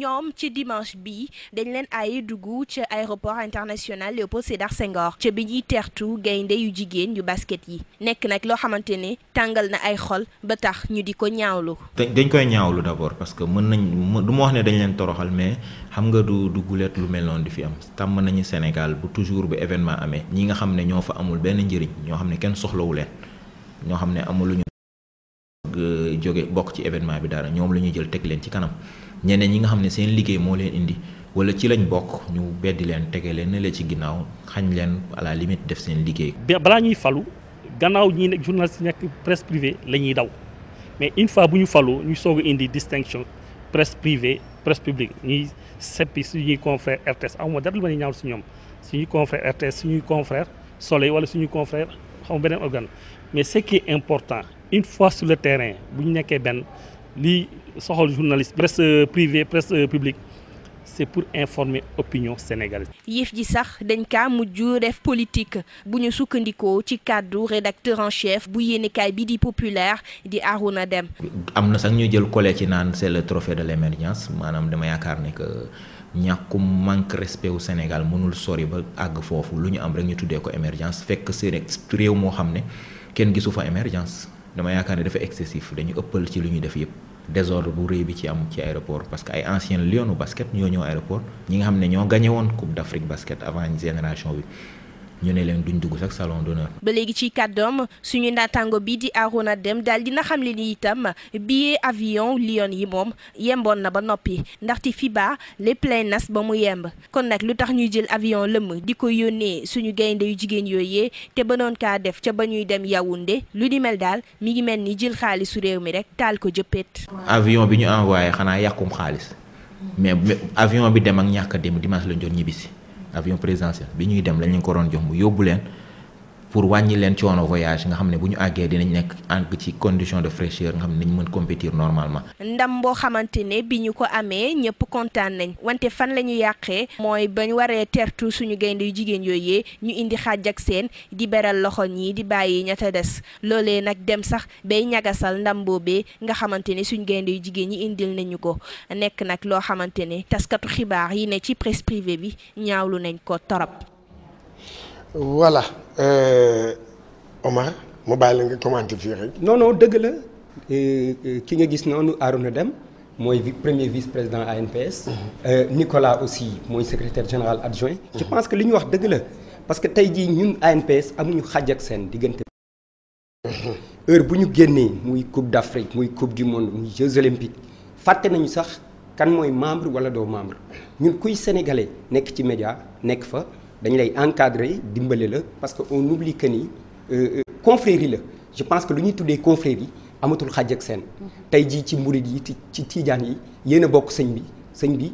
ñoom ci dimanche bi dañ leen ay dugg ci aéroport international Léopold Sédar Senghor ca bi ñuy teertu gaynde yu jigéen yu basket yi nekk nag loo xamante ne tàngal na ay xol ba tax ñu di ko ñaawlu. dañ koy ñaawlu d'abord parce que mën nañ du ma wax ne dañ leen toroxal mais xam nga du du lu mel noonu di fi am tàmm nañu Sénégal bu toujours bu événement amee ñi nga xam ne ñoo fa amul benn njëriñ ñoo xam ne kenn soxlawu leen xam ne amuluñu jóge bokk ci événement bi dara ñoom la ñuy jël teg leen ci kanam ñeneen ñi nga xam ne seen liggéey moo leen indi wala ci lañ bokk ñu beddi leen tege leen ne la ci ginnaaw xañ leen à la limite def seen liggéey. balaa ñuy falu gannaaw ñi nekk journaliste nekk presse privée la ñuy daw mais une fois bu ñu falu ñu soog indi distinction presse privée presse publique ñuy seppi suñuy confrère RTS amuma dara lu ma ñaaw si ñoom suñuy confrère RTS suñuy confrère Soleil wala suñuy confrère une fois sur le terrain bu ñu nekkee benn lii soxal journaliste presse privée presse publique c'est pour informer opinion sénégal yëf ji sax dañ kaa mujj def politique bu ñu sukkandikoo ci kàddu rédacteur en chef bu yéenekaay bi di populaire di na Dem am na sax ñu jël collé ci naan c'est le trophée de l'émergence maanaam dama yaakaar ne que ñàkkum manque respect wu Sénégal mënul sori ba àgg foofu lu ñu am rek ñu tuddee ko émergence fekk si rek réew moo xam ne kenn gisu fa émergence. dama yaakaar ne dafa excessif dañu ëppal ci lu ñuy def yëpp désordre bu rëy bi ci am ci aéroport parce que ay anciens lionu basket ñoo ñëw aéroport ñi nga xam ne ñoo gagné woon coupe d'Afrique basket avant génération bi ñu ne leen duñ dugg sax salon d'honneur ba léegi ci kàddoom suñu naataango bi di na dem daal dina xam le ni itam billet avion Lyon yi moom yemboon na ba noppi ndaxte FIBA lépp lay nas ba mu yemb kon nag lu tax ñuy jël avion lëmm di ko yónnee suñu gaynde yu jigéen yooyee te ba noon kaa def ca ba ñuy dem Yaoundé lu di mel daal mi ngi mel ni jël xaalisu réew mi rek taal ko jëppeet avion bi ñu envoyé xanaa yàqum xaalis mais avion bi dem ak ñàkk dem dimanche lañ doon ñibbisi avion présidentiel bi ñuy dem la ñu ko waroon jox mu yóbbu leen pour wàññi leen coono voyage nga xam ne bu ñu àggee dinañ nekk àgg ci condition de fraîcheur nga xam ne nañ mën compétir normalement. ndam boo xamante ne bi ñu ko amee ñëpp kontaan nañ wante fan la ñu yàqee mooy bañ waree tertu suñu gaynde yu jigéen yooyee ñu indi xaaj ak seen di beral loxo ñii di bàyyi ña ta des loolee nag dem sax bay ñagasal ndam boobee nga xamante ne suñu gaynde yu jigéen ñi indil nañu ko nekk nag loo xamante ne taskatu xibaar yi ne ci presse privée bi ñaawlu nañ ko torop voilà euh, Omar mu bàyyi la nga commenté fii rek. non dëgg la ki nga gis noonu Arouna dem mooy premier vice président ANPS. Mhm. Euh, Nicolas aussi mooy secrétaire général adjoint. Mhm. je pense que li ñu wax dëgg la parce que tey jii ñun ANPS amuñu xàjj ak seen diggante. Mhm. heure bu ñu génnee muy coupe d'Afrique muy coupe du monde muy Jeux olympiques fàtte nañu sax kan mooy membre wala doo membre ñun kuy sénégalais nekk ci média nekk fa. dañ lay encadrer dimbale la parce que on oublie que ni euh, euh, confrérie la je pense que lu ñuy tuddee confrérie amatul xàjj ak seen. tey jii ci murid yi ci tiijaan yi yéen a bokk sëñ bi sëñ bi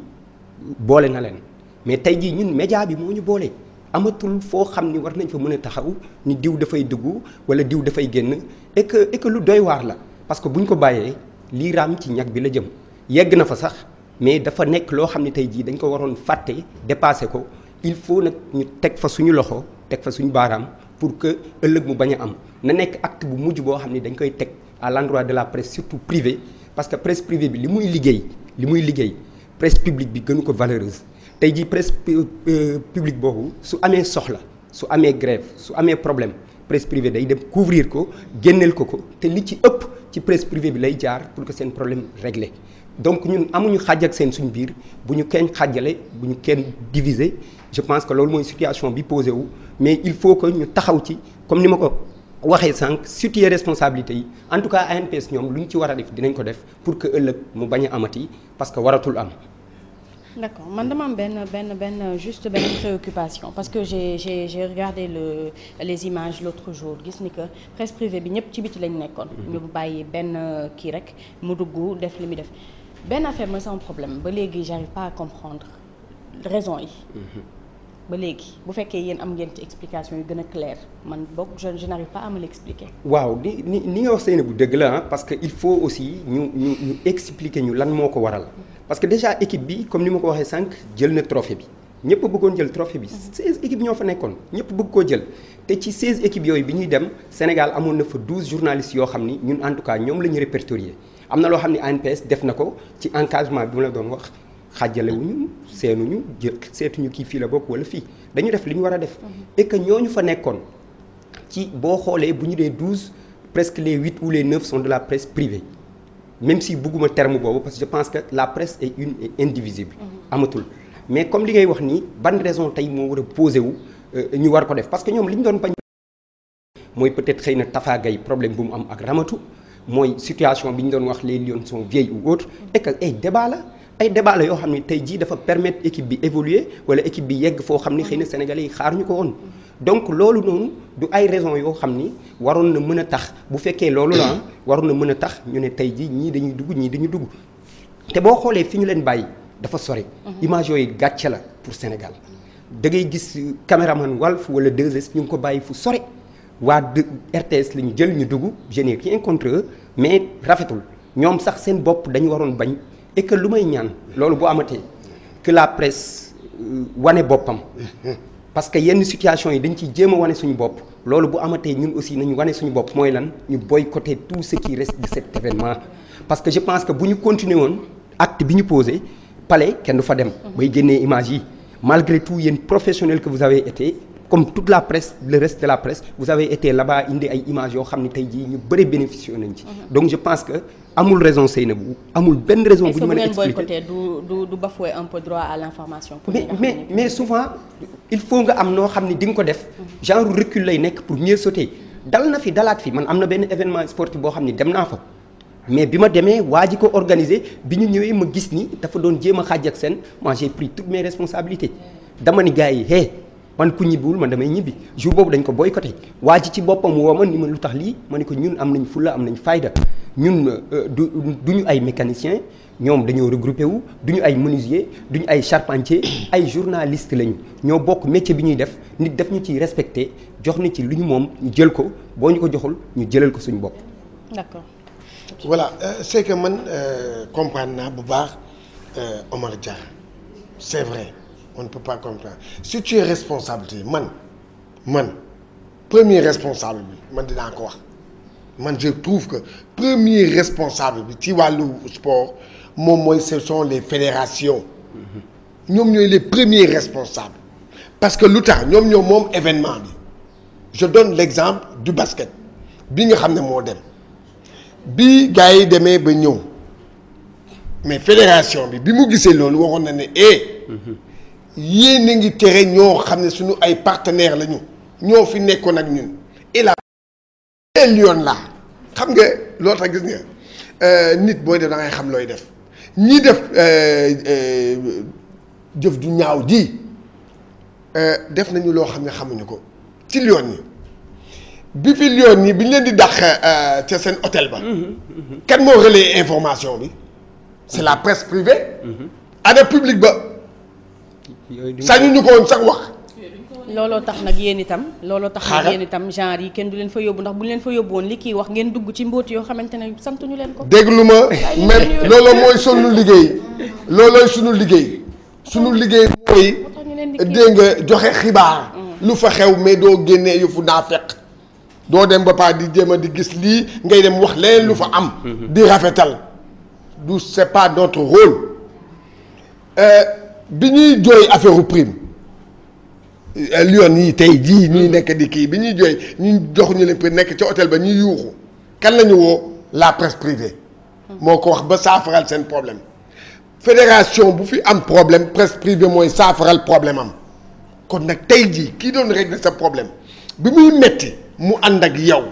boole na leen mais tey jii ñun média bi moo ñu boole. amatul foo xam ni war nañ fa mën a taxaw ni diw dafay dugg wala diw dafay génn et que lu doy waar la parce que bu ñu ko bàyyee lii raam ci ñag bi la jëm yegg na fa sax mais dafa nekk loo xam ne tey jii dañ ko waroon fàtte dépassé ko. il faut nag ñu teg fa suñu loxo teg fa suñu baaraam pour que ëllëg mu bañ a am na nekk acte bu mujj boo xam ne dañ koy teg à l'endroit de la presse surtout privée parce que presse privée bi li muy liggéey li muy liggéey presse publique bi gënu ko valeureuse tey jii presse euh, publique boobu su amee soxla su amee grève su amee problème presse privée day dem couvrir ko génneel ko ko te li ci ëpp ci presse privée bi lay jaar pour que seen problème réglé donc ñun amuñu xaj ak seen suñu biir bu ñu kenn xajalee bu ñu kenn diviser je pense que loolu mooy situation bi posé wu mais il faut que ñu taxaw ci comme ni ma ko waxee sànq situer responsabilité yi en tout cas ANPS ñoom lu ñu ci war a def dinañ ko def pour que ëllëg mu bañ a amati parce waratul am d'accord man dama am benn benn benn juste benn préoccupation parce que j'ai j'ai j'ai les images l'autre jour gis ni que presse bi ñëpp ci biti lañ nekkoon. Mhm. ñu bàyyi benn euh, kii rek mu dugg def li muy def benn affaire mooy problème ba léegi j'arrive pas à comprendre raison yi. Mhm. ba léegi bu fekkee yéen am ngeen ci explication yu gën a claire man boog je je n'arrive pas à me waaw ni ni ni nga wax seen bu dëgg la ah, parce que il faut aussi ñu ñu ñu expliquer ñu lan moo ko waral. parce que déjà équipe bi comme ni ma ko waxee sànq jël na trophée bi ñëpp bëggoon jël trophée bi 16 équipes ñoo fa nekkoon ñëpp bëgg koo jël te ci 16 équipes yooyu bi ñuy dem Sénégal amoon na fa 12 journalistes yoo xam ni ñun en tout cas ñoom la ñu am na loo xam ne ANPS def na ko ci encadrement bi mu la doon wax xajalewuñu seenuñu jë seetuñu kii fii la bokk wala fii dañu def li ñu war a def et ñoo ñu fa nekkoon ci boo xoolee bu ñu dee 12 presque les 8 ou les 9 sont de la presse privée même si bugguma terme boobu parce que je pense que la presse est une et indivisible. amatul mais comme li ngay wax nii ban raison tey moo war a posé wu euh, ñu war ko def parce que ñoom li ñu doon bañ. mooy peut-être xëy na Tafa Gaye problème bu mu am ak Ramatu mooy situation bi ñu doon wax les lions sont vieilles ou autre et que ay débat la ay débat la yoo xam ne tey jii dafa permettre équipe bi évoluer wala équipe bi yegg foo xam ne xëy na sénégalais yi xaaruñu ko woon. donc loolu noonu du ay raison yoo xam ni waroon na mën a tax bu fekkee loolu la ah, waroon na mën a tax ñu ne tey ji ñii dañuy dugg ñii dañuy dugg te boo xoolee fi ñu leen bàyyi dafa sori. Mhm. image yooyu gàcce la pour Sénégal da ngay gis caméraman fu wala 2S ñu ngi ko bàyyi fu sori waa RTS la ñu jël ñu dugg je n'ai rien contre mais rafetul ñoom sax seen bopp dañu waroon bañ et lu may ñaan loolu boo amatee que la presse euh, wane boppam. parce que yenn situation yi dañ ciy jéem a wane suñu bopp loolu bu amatee ñun aussi nañu wane suñu bopp mooy lan ñu boycotter tout ce qui reste de cet événement parce que je pense que bu ñu continuer woon acte bi ñu posé palais kenn du fa dem. Mm-hmm. bay génnee image yi malgré tout yéen professionnels que vous avez été. comme tout la presse le reste de la presse vous avez été là-bas indi ay image yoo xam ne tey jii ñu bëri bénéficié nañ ci. Mhm. donc je pense que amul raison bu amul benn raison. bu ñu mën a expliquer du du du bafouer un peu droit à mais mais mais il faut nga am noo xam ne di nga ko def. Mhm. genre recul lay nekk pour mieux sauter. dal na fi dalaat fi man am na benn événement sportif boo xam ne dem naa fa. mais bi ma demee waa ji ko organisé bi ñu ñëwee ma gis ni dafa doon jéem a xàjj ak seen moi j'ai pris toutes mes responsabilités dama ni gars yi hey. man ku ñibbiwul man damay ñibbi jour boobu dañ ko boycotté waa ji ci boppam woo man ni ma lu tax lii ma ne ko ñun am nañ fulla am nañ fayda ñun euh, du du ñu ay mécanicien ñoom dañoo regroupé wu du ñu ay menuisier du ñu ay charpentier ay journaliste lañu ñoo bokk métier bi ñuy def nit daf ñu ciy respecté jox ñu ci lu ñu moom ñu jël ko boo ñu ko joxul ñu jëlal ko suñu bopp. d'accord. voilà euh, c'est man euh, comprendre naa bu baax Omar Dia c'est vrai. on ne peut pas comprendre si tu es man man premier responsable bi man dinaa ko wax man je trouve que premier responsable bi ci wàllu sport moom mooy ce son les fédérations ñoom ñooy les premiers responsables parce que lu tax ñoom ñoo moom événement bi je l l'exemple du basket bi nga xam ne moo dem bi gars yi demee ba ñëw mais fédération bi bi mu gisee loolu waxoon na ne eh. yéen a ngi tere ñoo xam ne suñu ay partenaires lañu ñoo fi nekkoon ak ñun il a benn laa xam nga loo tax gis nga euh, nit booy def da xam looy def ñi def euh, euh, jëf ju ñaaw ji def nañu loo xam ne xamuñu ko ci yoon yi bi fi yoon yi bi leen di dàq ca seen hôtel ba. Mm-hmm, mm-hmm. kan moo relayer information bi. c'est la presse privée. Mm-hmm. ana public ba. sañu ñu ko woon sax wax. looloo tax nag yéen itam. looloo tax nag yéen itam genre yi kenn du leen fa yóbbu ndax bu leen fa yóbbu woon li kii wax ngeen dugg ci mbóot yoo xamante ne sant ñu leen ko. déglu ma même looloo mooy sunu liggéey loolooy suñu liggéey suñu liggéey mooy dégg nga joxe xibaar. lu fa xew mais doo génnee yëfu naa doo dem ba di jéem a di gis lii ngay dem wax leen lu fa am. Mhm. di rafetal du c'est pas notre rôle. Euh, bi ñuy jooy affaire prime euh, Lyon yi tey jii ñuy mm. nekk di kii bi ñuy jooy ñu jox ñu nekk ca hôtel ba ñu yuuxu kan la woo la presse privée mm. moo ko wax ba saafaral seen problème fédération bu fi am problème presse privée mooy saafaral problème am kon nag tey jii kii doon régler sa problème bi muy metti mu ànd ak yow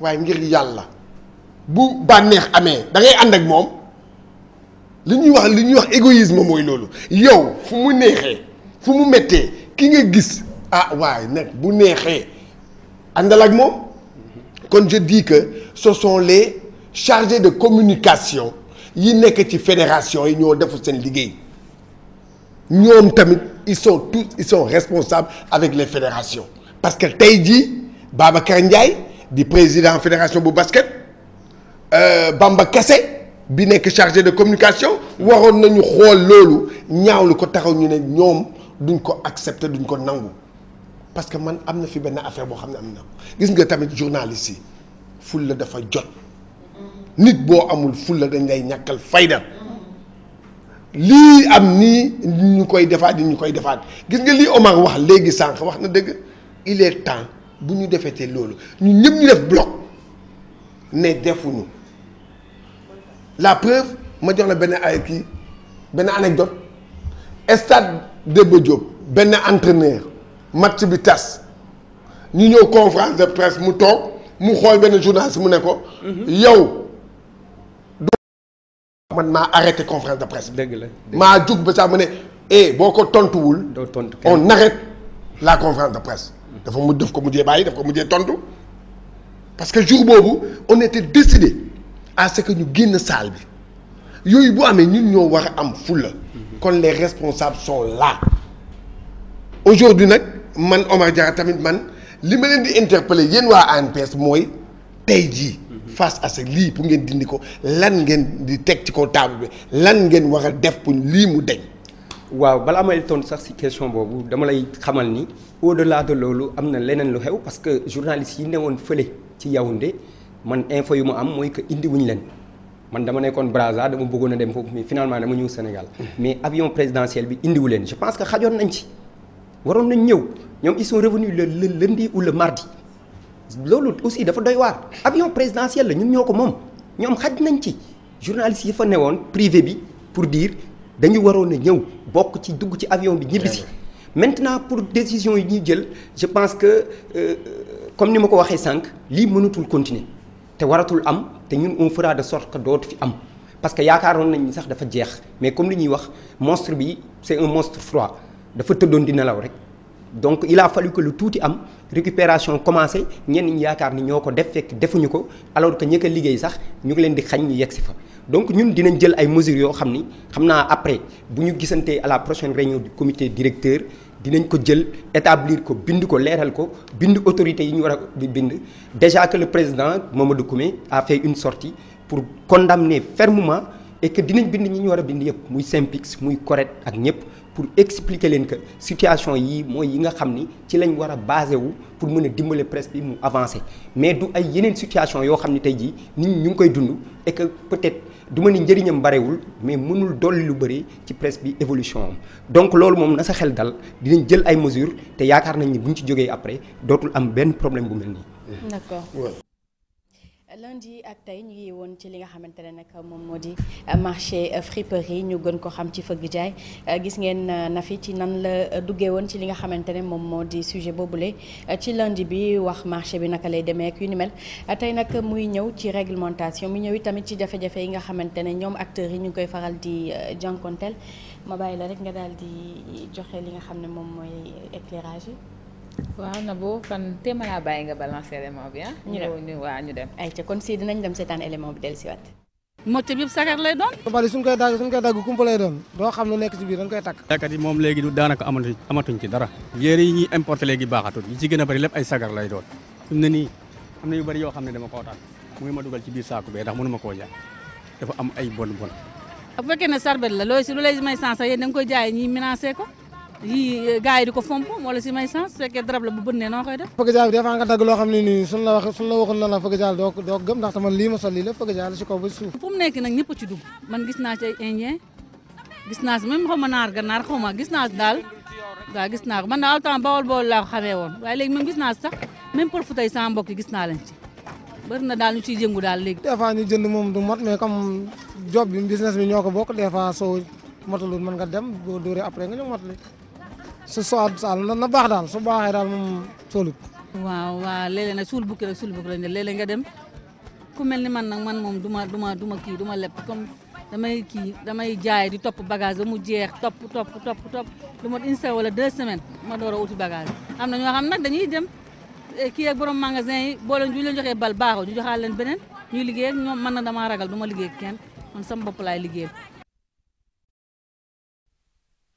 waaye ngir yàlla bu bànneex amee dangay ànd ak moom li ñuy wax li ñuy wax égoïsme mooy loolu yow fu mu neexee fu mu mettee ki nga gis ah waaye nekk bu neexee àndal ak moom kon je dis que ce sont les chargés de communication yi nekk ci fédération yi ñoo deful seen liggéey ñoom tamit ils sont tous ils sont responsables avec les fédérations parce que tey jii Babacar Ndiaye di président fédération bu basket euh, Bamba Kassé bi nekk chargé de communication waroon nañu xool loolu ñaaw lu ko taxaw ñu ne ñoom duñ ko accepter duñ ko nangu parce que man am na fi benn affaire boo xam ne am na gis nga tamit journaliste yi fulla dafa jot nit boo amul fulla dañ lay ñàkkal fayda lii am nii ñu koy defaat ñu koy defaat gis nga lii Omar wax léegi sànq wax na dëgg il est temps bu ñu defetee loolu ñu ñëpp ñu def bloc ne defuñu la preuve ma jox la benn ay kii benn anecdote stade Demba Diop benn entraîneur match bi tas ñu ñëw conférence de presse mu toog mu xooy benn journaliste mu ne ko. Mhm. yow. man maa arrêté conférence de presse. dëgg la maa jug ba sax mu ne eh, boo ko tontuwul. doo tontu on arrête la conférence de presse. dafa mu def ko mujjee bàyyi daf ko mujjee tontu parce que jour boobu on était décidé. à ce que ñu génn salle bi yooyu bu amee ñun ñoo war a am fulla kon les responsables sont là aujourd'hui nag man Omar Diarra tamit man li ma leen di interpeller yéen waa ANPS mooy tey ji face à ce lii pour ngeen dindi ko lan ngeen di teg ci ko table bi lan ngeen war a def pour lii mu deñ waaw balaa may tontu sax ci question boobu dama lay xamal ni au delà de loolu am na leneen lu xew parce que journalistes yi woon fële ci Yaoundé man info yu ma am mooy que indiwuñ leen man dama nekkoon Brazza dama bëggoon a dem foofu mais finalement dama ñëw Sénégal mais avion présidentiel bi indiwu leen je pense que xajoon nañ ci waroon nañ ñëw ñoom ils sont revenus le lundi ou le mardi loolu aussi dafa doy waar avion présidentiel la ñun ñoo ko moom ñoom xaj nañ ci journaliste yi fa ne woon privé bi pour diir dañuy waroon a ñëw bokk ci dugg ci avion bi ñibbi si maintenant pour décision yi ñuy jël je pense que euh, comme ni ma ko waxee sànq lii mënatul continuer te waratul am te ñun on fera de sorte que dootu fi am parce que yaakaaroon nañ sax dafa jeex mais comme li ñuy wax monstre bi c'est un monstre froid dafa tëddoon di nelaw rek donc il a fallu lu tuuti am récupération commencé ñenn ñi yaakaar ni ñoo ko def fekk defuñu ko alors que ñi liggéey sax ñu ngi leen di xañ ñu yegg si fa donc ñun dinañ jël ay mesures yoo xam ni xam naa après bu ñu gisante à la prochaine réunion du comité directeur dinañ ko jël établir ko bind ko leeral ko bind autorités yi ñu war a bind déjà que le président Mamadou Koumé a fait une sortie pour condamner fermement et dinañ bind ñi ñu war a bind yëpp muy Synpics muy CORED ak ñëpp pour expliquer leen ko situation yii mooy yi nga xam ni ci lañ war a basé wu pour mën a dimbale presse bi mu avancer mais du ay yeneen situation yoo xam ni tey jii nit ñu ngi koy dund et que être du ma ni njëriñam barewul mais mënul dolli lu bëri ci presse bi évolution am donc loolu moom na sa xel dal dinañ jël ay mesures te yaakaar nañ ni bu ñu ci jógee après dootul am benn problème bu mel nii. d'accord. yi ak tey ñu ngi woon ci li nga xamante ne nag moom moo di euh, marché euh, friperie ñu gën ko xam ci fëgg jaay euh, gis ngeen na fi ci nan la duggee woon ci li nga xamante ne moom moo di boobu boobule ci lundi bi wax marché bi naka lay demee ak yu ni mel tey nag muy ñëw ci réglementation mu ñëw yi tamit ci jafe-jafe yi nga xamante ne ñoom acteurs yi ñu koy faral di jànkonteel ma bàyyi la rek nga daal di joxe li nga xam ne moom mooy éclairage yi waaw Nabou kon téema laa bàyyi nga balancer élément bi ah. ñu dem waaw ñu kon si dinañ dem seetaan élément bi dellusiwaat. ci biir moom léegi daanaka amatuñ ci dara. yére yi ñuy importé léegi baaxatul yi ci gën a bari lépp ay sagar lay doon. fi ne nii am na yu bari yoo xam ne dama koo taal mu ngi ma dugal ci biir saako bee ndax mënu koo jaay dafa am ay bon bon. bu fekkee ne sarbet la looy si lu lay may sens yéen da nga koy jaay ñi menacé ko yii gars yi di ko fomp wala si may sens su fekkee darab la bu bënnee noo defaa nga dagg loo xam ne nii suñ la wax suñ la waxoon na la man lii ma sol lii la fëggajaal si kaw ba suuf fu mu nekk nag ñëpp a ci dugg man gis naa ci ay indien gis naa si même ma naar gannaar xaw ma gis naa si daal waaw gis naa ko man daal temps bawol bawol laa ko xamee woon waaye léegi même gis naa si sax même pour fu tey sama mbokk yi gis naa leen ci bëri daal ñu ciy jëngu daal léegi des jënd moom du mot mais comme job bi business ñoo ko bokk des fois soo motalul mën nga dem boo dóoree après nga ñëw su soxla saal na baax daal su baaxee daal moom soolut. waaw waaw léeg-léeg nag suul bukki rek suul bukki lañ léeg-léeg nga dem ku mel ni man nag man moom duma duma duma kii duma lepp comme damay kii damay jaay di topp bagage ba mu jeex topp topp topp topp lu mot une semaine wala deux ma door a uti bagage am na ñoo xam nag dañuy dem eh, kii ak borom magasin yi boo leen ju leen bal baaxoo ñu joxaat leen beneen ñuy liggéey ak ñoom man na damaa ragal du ma liggéey ak kenn man sama bopp laay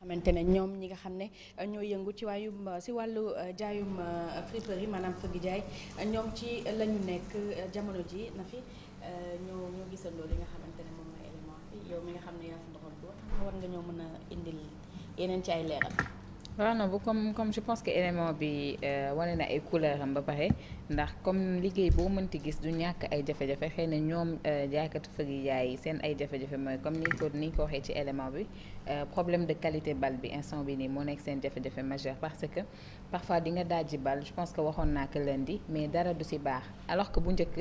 xamante ne ñoom ñi nga xam ne euh, ñoo yëngu ci waayum si euh, wàllu euh, jaayum friperie maanaam fëgg jaay ñoom ci lañu nekk jamono ji na fi ñoo ñoo gisandoo li nga xamante ne moom mooy élément bi yow mi nga xam ne yaa fi ndoxal war nga ñoo mën a indil yeneen ci ay leeral waaw non bu comme comme je pense que élément bi euh, wane na ay couleur am ba pare ndax comme liggéey boo mënti gis du ñàkk ay jafe-jafe xëy na ñoom euh, jaaykatu fëgg yi seen ay jafe-jafe mooy comme ni ko ni ko waxee ci élément bi euh, problème de qualité bal bi instant bi nii moo nekk seen jafe-jafe majeur parce que parfois di nga dajji bal je pense que waxoon naa ko lundi mais dara du si baax alors que bu njëkk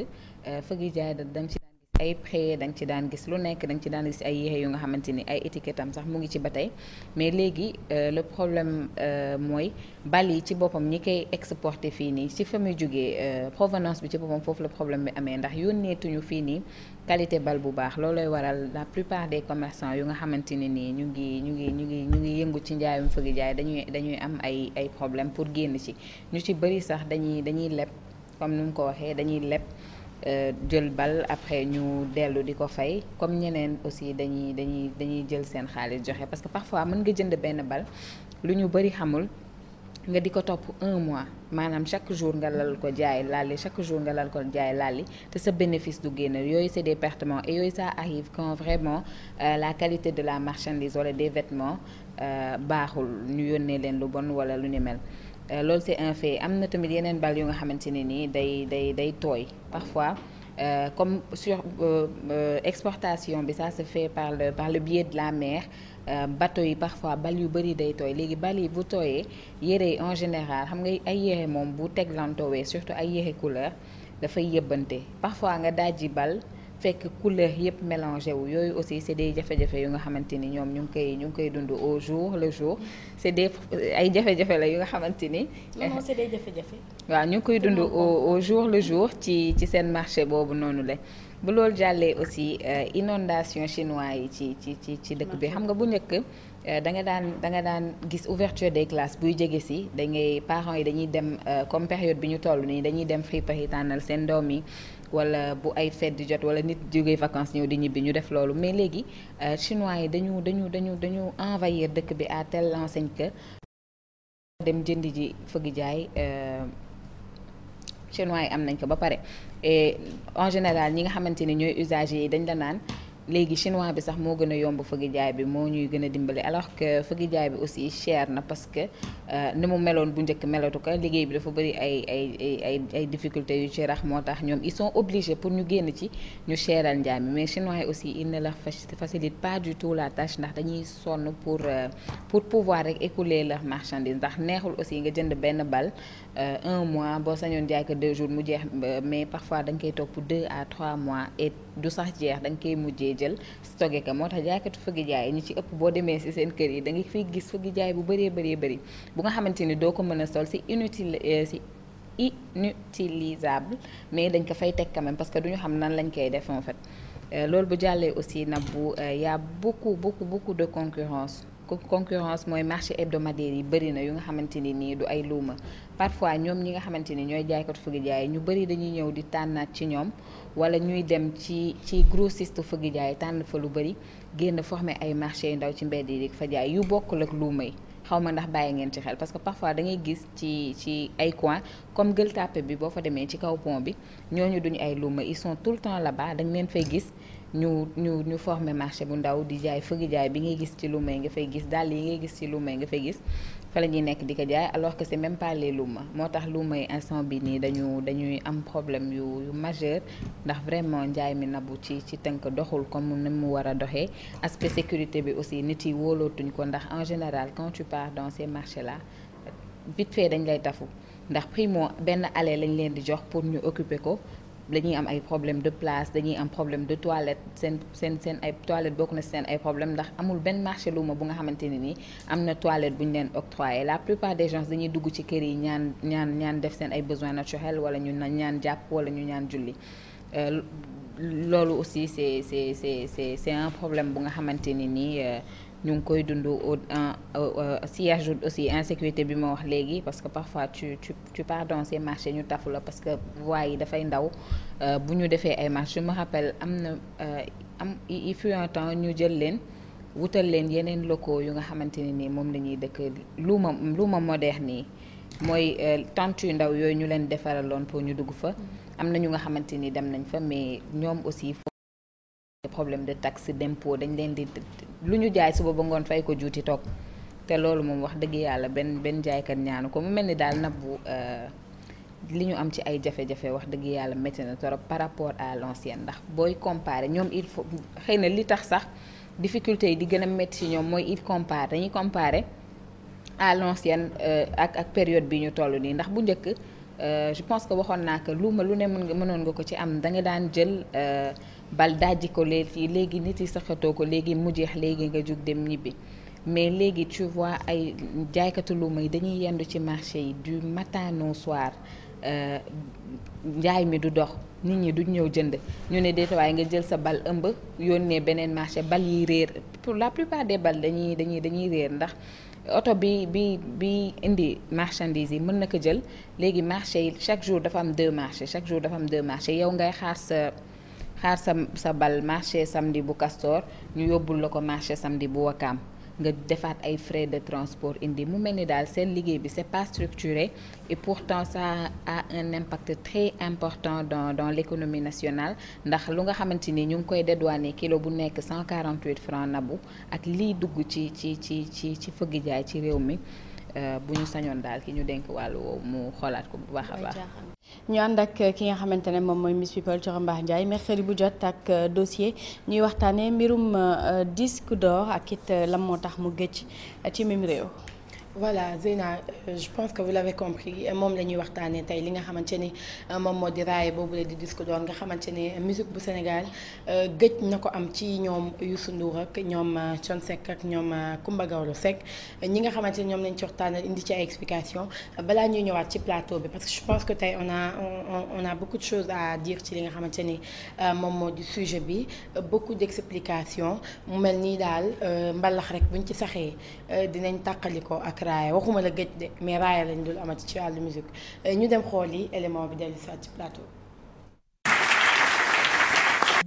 fëgg jaay da nga ci ay prêt da ci daan gis lu nekk da nga ci daan gis ay yére yu nga xamante ni ay étiquette am sax mu ngi ci ba tey mais léegi euh, le problème euh, mooy bal yi ci boppam ñi koy exporté fii nii ci fa muy jógee euh, provenance bi ci boppam foofu la problème bi amee ndax yónneetuñu fii nii qualité bal bu baax loolooy waral la plupart des commerçants yu nga xamante ne nii ñu ngi ñu ngi ñu ngi ñu ngi yëngu ci njaayum fëgg jaay dañuy dañuy am ay ay problème pour génn ci ñu ci bëri sax dañuy dañuy leb comme ni mu ko waxee dañuy leb Euh, jël bal après ñu dellu di ko fay comme ñeneen aussi dañuy dañuy dañuy jël seen xaalis joxe parce que parfois mën nga jënd benn bal lu ñu bëri xamul nga di ko topp un mois maanaam chaque jour nga lal ko jaay laali chaque jour nga lal ko jaay laali te sa bénéfice du génne yooyu c'est des pertements et yooyu ça arrive quand vraiment euh, la qualité de la marchandise wala des vêtements euh, baaxul ñu yónnee leen lu bon wala lu ni mel. Euh, loolu c'est un fait am na tamit yeneen bal yu nga xamante ne nii day day day tooy parfois Euh, comme sur euh, euh exportation bi ça se fait par le par le biais de la mer euh, bateau yi parfois bal yu bëri day tooy léegi bal yi bu tooyee yére yi en général xam nga ay yére moom bu teglantoowee surtout ay yére couleur dafay yëbbante parfois nga dajji bal fekk couleur yëpp mélangé wu yooyu aussi c'est des jafe-jafe yu nga xamante ni ñoom ñu ngi koy ñu ngi koy dund au jour le jour c'est des ay jafe-jafe la yu nga xamante ni. non non des jafe-jafe. waaw ñu ngi koy dund au au jour le jour ci ci seen marché boobu noonu le bu loolu jàllee aussi euh, inondation chinois yi ci ci ci ci dëkk bi xam nga bu nekk euh, da nga daan da nga daan gis ouverture des classes buy jege si da ngay parents yi dañuy dem euh, comme période bi ñu toll nii dañuy dem fripari tànnal seen doom yi wala bu ay fête di jot wala nit jógee vacances ñëw di ñibbi ñu def loolu mais léegi euh, chinois yi dañu dañu dañu dañu envahir dëkk bi à telle enseigne que dem jëndi ji fëgg jaay euh, chinois yi am nañ ko ba pare et en général ñi nga xamante ni ñooy usagers yi dañ la naan léegi chinois bi sax moo gën a yomb fëgg jaay bi moo ñuy gën a dimbali alors que fëgg jaay bi aussi cher na parce que euh, ni mu meloon bu njëkk melatu ko liggéey bi dafa bëri ay ay ay ay yu ci rax moo tax ñoom ils sont obligés pour ñu génn ci ñu cheral njaay mi mais chinois yi aussi ils ne la facilite pas du tout la tâche ndax dañuy sonn pour euh, pour pouvoir rek écouler leur marchandise ndax neexul aussi nga jënd benn bal euh, un mois boo sañoon jaay ko deux jours mu jeex mais parfois da nga koy à trois mois et sax jeex da koy mujjee jël stocké ko moo tax jaaykatu fëgg jaay ñi ci ëpp boo demee si seen kër yi da nga fiy gis fëgg jaay bu bëree bëree bëri bu nga xamante ni doo ko mën a sol si inutile si euh, inutilisable mais dañ ko fay teg quand même parce que duñu xam nan lañ koy def en fait euh, loolu bu jàllee aussi nag bu euh, y a beaucoup beaucoup beaucoup de concurrence concurrence mooy marché hebdomadaire yi bëri na yu nga xamante ni nii du ay luuma parfois ñoom ñi nga xamante ni ñooy jaaykatu fëgg jaay ñu bëri dañuy ñëw di tànnaat ci ñoom wala ñuy dem ci ci grossiste fëgg jaay tànn fa lu bëri génn former ay marché yu ndaw ci mbedd yi fa jaay yu bokkul ak lu may xaw ma ndax bàyyi ngeen ci xel parce que parfois dangay gis ci ci ay coin comme Gueule Tapée bi boo fa demee ci kaw pont bi ñoo ñu duñu ay luuma ils sont tout le temps la baax da nga leen fay gis ñu ñu ñu former marché bu ndaw di jaay fëgg jaay bi ngay gis ci luuma yi nga fay gis dàll yi ngay gis ci luuma yi nga fay gis fa la ñuy nekk di ko jaay alors que c'est même pas les luuma moo tax luuma yi instant bi nii dañu dañuy am problème yu yu majeur ndax vraiment njaay mi nabu ci ci tënk doxul comme ni mu war a doxee aspect sécurité bi aussi nit yi wóolootuñ ko ndax en général quand tu pars dans ces marchés là vite fait dañ lay tafu ndax primo benn allée lañ leen di jox pour ñu occuper ko dañuy am ay problème de place dañuy am problème de toilette seen seen seen ay toilette bokk na seen ay problèmes ndax amul benn marché luuma bu nga xamante ne nii am na toilette bu ñu leen octroyé la plupart des gens dañuy dugg ci kër yi ñaan ñaan ñaan def seen ay besoins naturels wala ñu ñaan jàpp wala ñu ñaan julli euh, loolu aussi c'est c'est c'est c'est un problème bu nga xamante ni nii euh, ñu ngi koy dund au euh, si ajoute aussi insécurité bi ma wax léegi parce que parfois tu tu tu pars dans ñu tafu la parce que voies yi dafay ndaw euh, bu ñu defee ay marché je me am na euh, am il fut un temps ñu jël leen. wutal leen yeneen locaux yu nga xamante ne nii moom la ñuy dëkk lu ma moderne yi mooy tente yu ndaw yooyu ñu leen defaraloon pour ñu dugg fa mm-hmm. am na ñu nga xamante ni dem nañ fa mais ñoom aussi problème de taxe d'impôt dañ leen di lu ñu jaay suba ba ngoon fay ko juuti toog te loolu moom wax dëgg yàlla benn benn jaaykat ñaanu ko mu mel ni daal nab bu euh, li ñu am ci ay jafe-jafe wax dëgg yàlla métti na torop par rapport à l'ancienne ndax booy comparer ñoom il faut xëy na li tax sax difficulté yi di gën a métti ci ñoom mooy il compare dañuy comparer à l'ancienne euh, ak ak période bi ñu toll nii ndax bu njëkk euh, je pense que waxoon naa que lu ma lu ci am da nga bal dajji ko léegi léegi nit yi saxatoo ko léegi mu jeex léegi nga jug dem ñibbi mais léegi tu ay jaaykatu lu may dañuy yendu ci marché yi du matin au soir euh, njaay mi du dox nit ñi duñ ñëw jënd ñu ne déet waaye nga jël sa bal ëmb yónnee beneen marché bal yi réer pour la plupart des bal dañuy dañuy dañuy réer ndax oto bi bi bi indi marchandise yi mën na ko jël léegi marché yi chaque jour dafa am deux marchés chaque jour dafa am deux marchés yow ngay xaar sa. xaar sa sa bal marché samedi bu Castor ñu yóbbul la ko marché samedi bu Wakaam nga defaat ay frais de transport indi mu mel ni daal seen liggéey bi c'est pas structuré et pourtant ça a un impact très important dans dans l'économie nationale ndax lu nga xamante ni ñu ngi koy dédouaner kilo bu nekk 148 francs nabu ak lii dugg ci ci ci ci ci fëgg jaay ci réew mi euh, bu ñu sañoon daal ki ñu denk wàllu woowu mu xoolaat ko bu baax a baax ñu ànd ak ki nga xamante ne moom mooy Miss People mbaax Mbakh Ndiaye mercredi bu jot ak euh, dossier ñuy waxtaanee mbirum euh, disque d'or ak it euh, lan moo tax mu gëcc ci même réew. voilà Zeyna euh, je pense que vous l'avez compris moom la ñuy waxtaanee tey li nga xamante ni euh, moom moo di raaye boobu la di disque d'or nga xamante ne musique bu Sénégal euh, gëj na ko am ci ñoom Youssou Ndour ak ñoom Thione Seck ak ñoom Coumba Gawlo Seck ñi nga xamante ni ñoom lañ ci waxtaanal indi ci ay explication balaa ñuy ñëwaat ci plateau bi parce que je pense que tey on a on, a beaucoup de choses à dire ci li nga xamante ni moom moo di sujet bi beaucoup explication mu mel nii daal mbalax rek buñ ci saxee dinañ raaya waxuma la géej de mais raaya lañ dul amati ci wàllu musique euh, ñu dem xool yi élément bi dellu saat ci plateau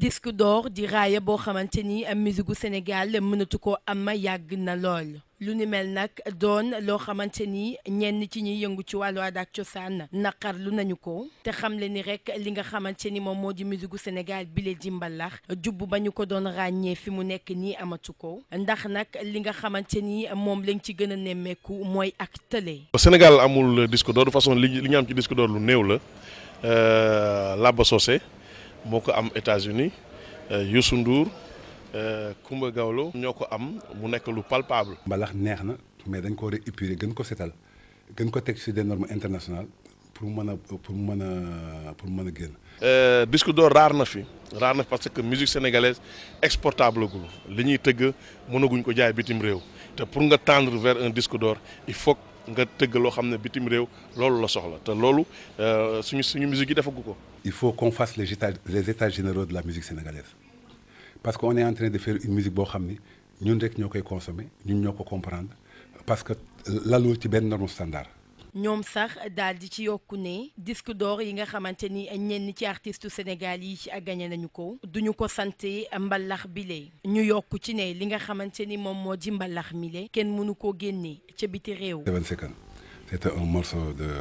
disque d'or di raaya boo xamante ni am musique gu Sénégal mënatu ko am yàgg na lool lu ni mel nag doon loo xamante ni ñenn ci ñuy yëngu ci wàllu aada ak cosaan naqar lu nañu ko te xam le ni rek li nga xamante ni moom moo di musigu Sénégal bile di mbalax jubbu ba ñu ko doon ràññee fi mu nekk nii amatu ko ndax nag li nga xamante ni moom lañ ci gën a nemmeeku mooy ak tële. Sénégal amul disque d'or de façon li ñu am ci disque d'or lu néew la euh, Laba Socé moo ko am États-Unis euh, Youssou Ndour Kumba euh, Gawlo ñoo ko am mu nekk lu palpable. mbalax neex na mais dañ ko war épurer gën ko setal gën ko teg si des normes internationales pour mën a pour mën a pour mën a génn. disque euh, door raar na fi raar na fi parce que musique sénégalaise exportable gul li ñuy tëgg mënaguñ ko jaay bitim réew te pour nga tendre vers un disque d'or il faut nga tëgg loo xam ne bitim réew loolu la soxla te loolu euh, suñu suñu musique yi defagu ko. il faut qu'on fasse les états les états la musique sénégalaise. parce qu'on est entre de faire une musique boo xam ni ñun rek ñoo koy consommer ñun ñoo ko comprendre parce que euh, lalul ci benn norme standard. ñoom sax daal di ci yokk ne disque d'or yi nga xamante ni ñenn ci artiste Sénégal yi ci gagné nañu ko duñu ko sante mbalax bile ñu yokk ci ne li nga xamante ni moom moo di mbalax mile kenn mënu koo génne ca biti réew. Seven Seconds c'était un morceau de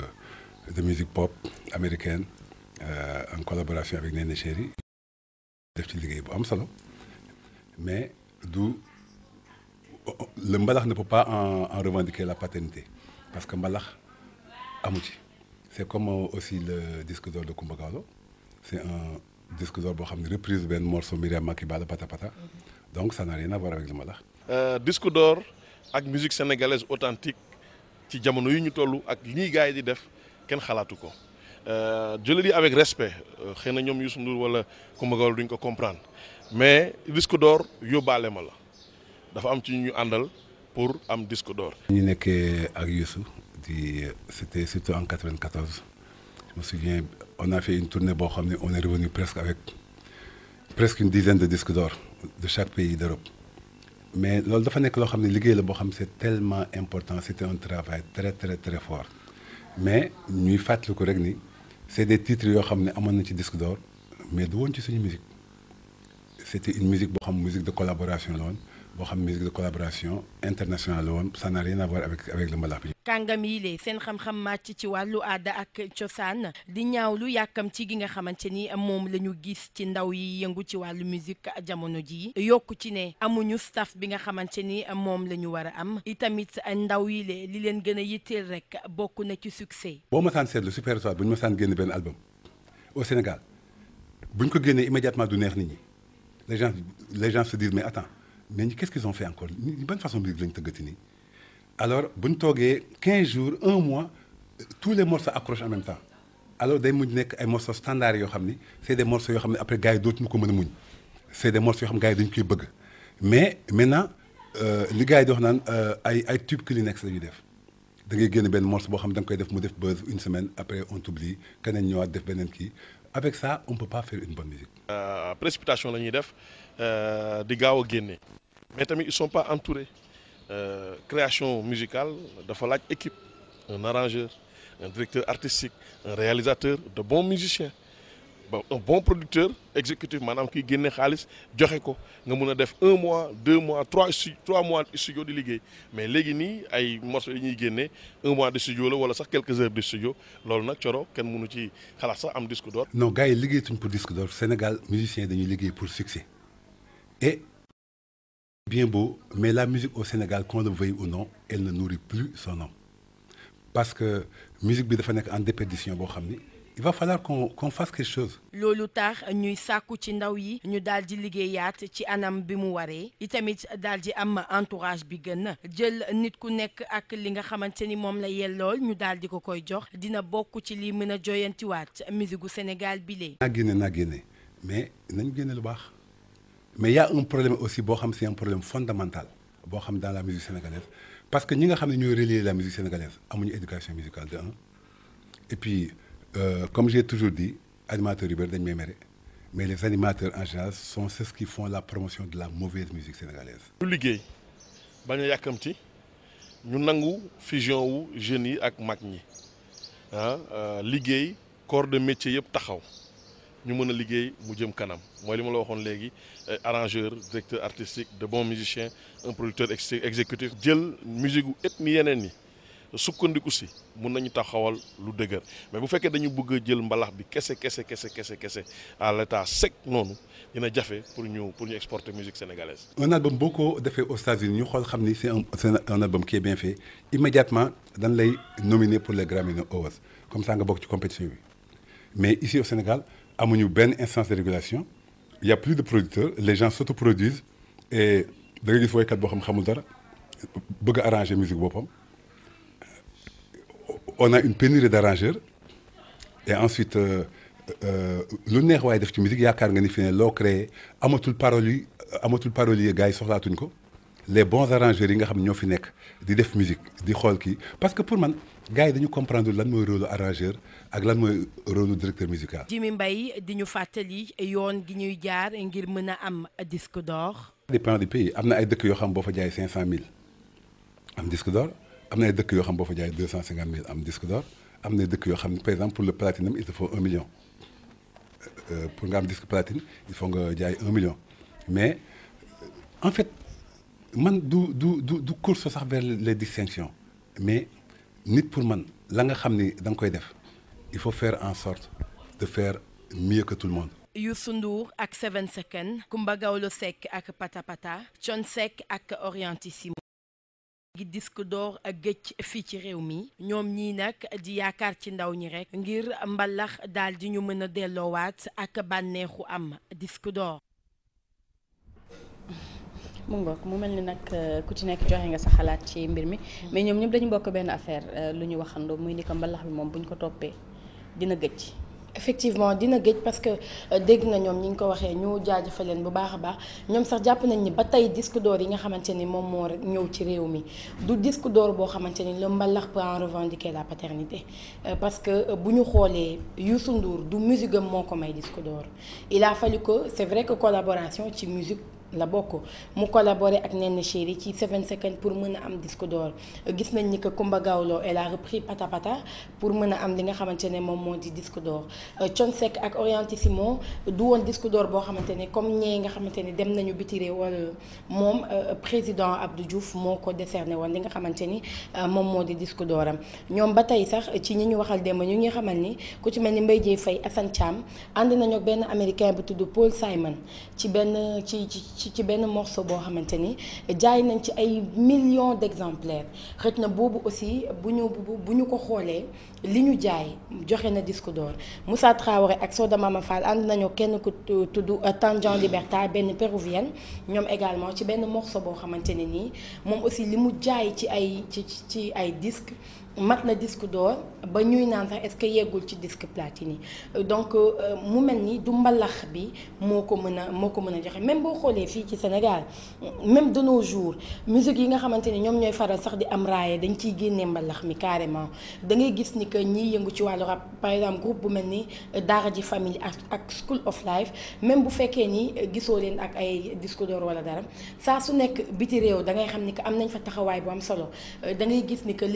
de pop américaine euh, en collaboration avec Néné Chéri def ci bu am solo. mais du le mbalax ne peut pas en, en revendiquer la paternité parce que mbalax amu ci c'est comme euh, aussi le disque d'or de Coumba Gawlo c'est un disque d'or boo xam ne reprise benn morceau Myriam Makeba la pata pata donc ça n'a rien à voir avec le mbalax euh, disque d'or ak musique sénégalaise authentique ci jamono yi ñu toll ak lii ñuy yi di def kenn xalaatu ko euh, je le avec respect euh, xëy na ñoom Youssou Ndour wala Coumba duñ ko comprendre mais disque door yóbbaale ma la dafa am ci ñu àndal pour am disque d'or. ñu nekkee ak Youssou di c'était surtout en 94 je me souviens on a fait une boo xam ne on est revenu presque avec presque une dizaine de disques d'or de chaque mais loolu dafa nekk loo xam ne liggéey la boo xam c'est tellement important c'était un travail très très très fort mais ñuy fàttaliku rek ni c'est des titre yoo xam ne amoon na ci disque d'or mais du woon ci suñu musique. c'était une musique boo xam musique de collaboration la woon boo xam musique de collaboration internationale la woon ça n'a rien à voir avec avec le kàngam yi lee seen xam-xam màcc ci wàllu aada ak cosaan di ñaawlu yàkkam ci gi nga xamante ni moom lañu gis ci ndaw yi yëngu ci wàllu musique jamono jii yokk ci ne amuñu staff bi nga xamante ni moom lañu war a am itamit ndaw yi lee li leen gën a yitteel rek bokk na ci succès. boo ma saan seetlu Super Étoile bu ñu ma saan génn benn album buñ ko génnee immédiatement du neex les gens les gens se disent mais attends mais ñi qu'est-ce qu'ils ont fait encore ñi ban façon musique lañ tëggati nii alors bu ñu toogee 15 jours un mois tous les morceaux accrochent en même temps alors day mu nekk ay morceaux standards yoo xam ni c'est des morceaux yoo xam ne après gars yi dootuñu ko mën a muñ c'est des morceaux yoo xam ne gars yi dañu koy bëgg mais maintenant euh, li gars yi di wax naan euh, ay tube Kleenex la def da ngay génn benn morceau boo xam ne da koy def mu def buzz une semaine après on t'oublie keneen ñëwaat def beneen kii avec ça on peut pas faire une bonne musique. Euh, précipitation la ñuy def euh, di gaaw a génne mais tamit ils sont pas entourés euh, création musicale dafa laaj équipe un arrangeur un directeur artistique un réalisateur de bons musiciens. ba un bon producteur exécutif maanaam kiy génne xaalis joxe ko nga mun a def mois deux mois trois stu trois mois de di liggéey mais léegi nii ay morceaux yi ñuy génne mois de studio la wala sax quelques heures de studio loolu nag coro kenn mënu ci xalaat sax am disque d'or. non gars yi liggéeyatuñ pour disque d'or Sénégal musiciens dañuy liggéey pour succès et bien beau mais la musique au Sénégal qu'on ou non elle ne nourrit plus son nom parce que musique bi dafa nekk en déperdition boo xam ni. il va falloir qu'on qu'on loolu tax ñuy sàkku ci ndaw yi ñu daal di liggéeyaat ci anam bi mu waree itamit daal di am entourage bi gën na jël nit ku nekk ak li nga xamante ni moom la yellool ñu daal di ko koy jox dina bokk ci li mën a joyantiwaat musique gu Sénégal bi lee. naa génne naa génne mais nañ génne lu baax mais y a un problème aussi boo xam c'est un problème fondamental boo xam dans la musique sénégalaise parce que ñi nga xam ne ñooy relier la musique sénégalaise amuñu éducation musicale de un et euh, comme j'ai toujours dit animateurs yu bëri dañ may mere mais les animateurs en général sont ceux qui font la promotion de la mauvaise musique sénégalaise. ñu liggéey bañ a yàkkamti ñu nangu fusion wu jeunes yi ak mag ñi ah euh, liggéey corps de métier yëpp taxaw. ñu mën a liggéey mu jëm kanam mooy li ma la waxoon léegi euh, arrangeur directeur artistique de bon musiciens un producteur exécutif jël musique gu ethnie yeneen yi sukkandiku si mun nañu taxawal lu dëgër mais bu fekkee dañu bëgg a jël mbalax bi kese kese kese kese kese à l'état sec noonu dina jafe pour ñu pour ñu exporter musique sénégalaise. un album boo ko defee aux États-Unis ñu xool xam ni c'est un c'est un album qui est bien fait immédiatement dañ lay nominer pour les Grammy Awards comme ça nga bokk ci compétition bi mais ici au Sénégal amuñu benn instance de régulation il y a plus de producteurs les gens s'autoproduisent et da nga gis woykat boo xam xamul dara bëgg a arranger musique boppam. on a une pénurie d'arrangeurs et ensuite euh, euh, lu neex waaye def ci musique yaakaar nga ni fi ne loo créé amatul paroles yi amatul paroles yi gars yi soxlaatuñ ko les bons arrangeurs yi nga xam ñoo fi nekk di def musique di xool kii parce que pour man gars yi dañu comprendre lan mooy rôle arrangeur ak lan mooy rôle directeur musical. Jimi mbay di ñu fàttali yoon gi ñuy jaar ngir mën a am disque d'or. dépend du pays am na ay dëkk yoo xam boo fa jaay cinq cent mille am disque d'or am na dëkk yoo xam boo fa jaay deux cent cinquante mille am disque d'or am na dëkk yoo xam ne par exemple pour le platine il te faut un million euh, euh, pour nga am disque platine il faut nga jaay un million mais euh, en fait man du du du du course sax vers les distinctions mais nit pour man la nga xam ni da nga koy def il faut faire en sorte de fair mieux que tout le monde. Youssou Ndour ak Seven Second Kumba Gawlo Seck ak Patapata Thione Seck ak Orientissimo gi disque ak géej fii ci réew mi ñoom ñii nag di yaakaar ci ndaw ñi rekk ngir mbalax daal di ñu mën a delloowaat ak bànneexu am disque d'or mu ngoog mu mel ni nag euh, ku ci nekk joxe nga sa xalaat ci mbir mi mais ñoom ñëpp dañu bokk benn affaire euh, lu ñu waxandoo muy ni mbalax bi moom buñ ko toppee dina gëj effectivement dina géej parce que euh, dégg na ñoom ñi nga ko waxee ñu jaajëfal leen bu baax a baax ñoom sax jàpp nañ ni ba tey disque d'or yi nga xamante ni moom moo ñëw ci réew mi du disque door boo xamante ni le mbalax peut en revendiquer la paternité euh, parce que euh, bu ñu xoolee Youssou Ndour du musique am moo ko may disque d'or il a fallu que c'est vrai que collaboration ci musique la bokk mu collaboré ak Néné Chéri ci Seven Seconds pour mën a am disque door gis nañ ni que Kumba Gawlo elle a repris patapata pour mën a am li nga xamante ne moom moo di disque d'or euh, Thione Seck ak Orientissimo du woon disque d'or boo xamante ne comme ñee nga xamante ne dem nañu biti wala moom euh, président Abdou Diouf moo ko décerné woon li nga xamante ni euh, moom moo di disque dooram ñoom ba tey sax ci ñi ñu waxal démb ñu ngi xamal ni ku ci mel ni mbay Dieye Faye Assane Thiam ànd nañu benn américain bu tudd Paul Simon ci benn ci ci. ci ci benn morso boo xamante ni jaay nañ ci ay millions d'exemplaires xëj na boobu aussi bu ñu bu ñu ko xoolee li ñu jaay joxe na disque d'or Moussa Traoré ak Soda Mama Fall ànd nañoo kenn ku tudd Tandian Libertad benn péruvienne ñoom également ci benn morceau boo xamante ne nii moom aussi li mu jaay ci ay ci ci ay disques mat na disque d'or ba ñuy naan sax est-ce que yeggul ci disque platine yi donc euh, mu mel ni du mbalax bi moo ko mën a moo ko mën a joxe même boo xoolee fii ci Sénégal même de jour jours musique yi nga xamante ni ñoom ñooy faral sax di am raaye dañ ciy génnee mbalax mi carrément dangay gis ni que ñiy yëngu ci wàllu rap par exemple groupe bu mel ni Daara ji Family ak ak School of Life même bu fekkee ni gisoo leen ak ay disque d'or wala dara saa su nekk biti réew da ngay xam ni que am nañ fa taxawaay bu am solo da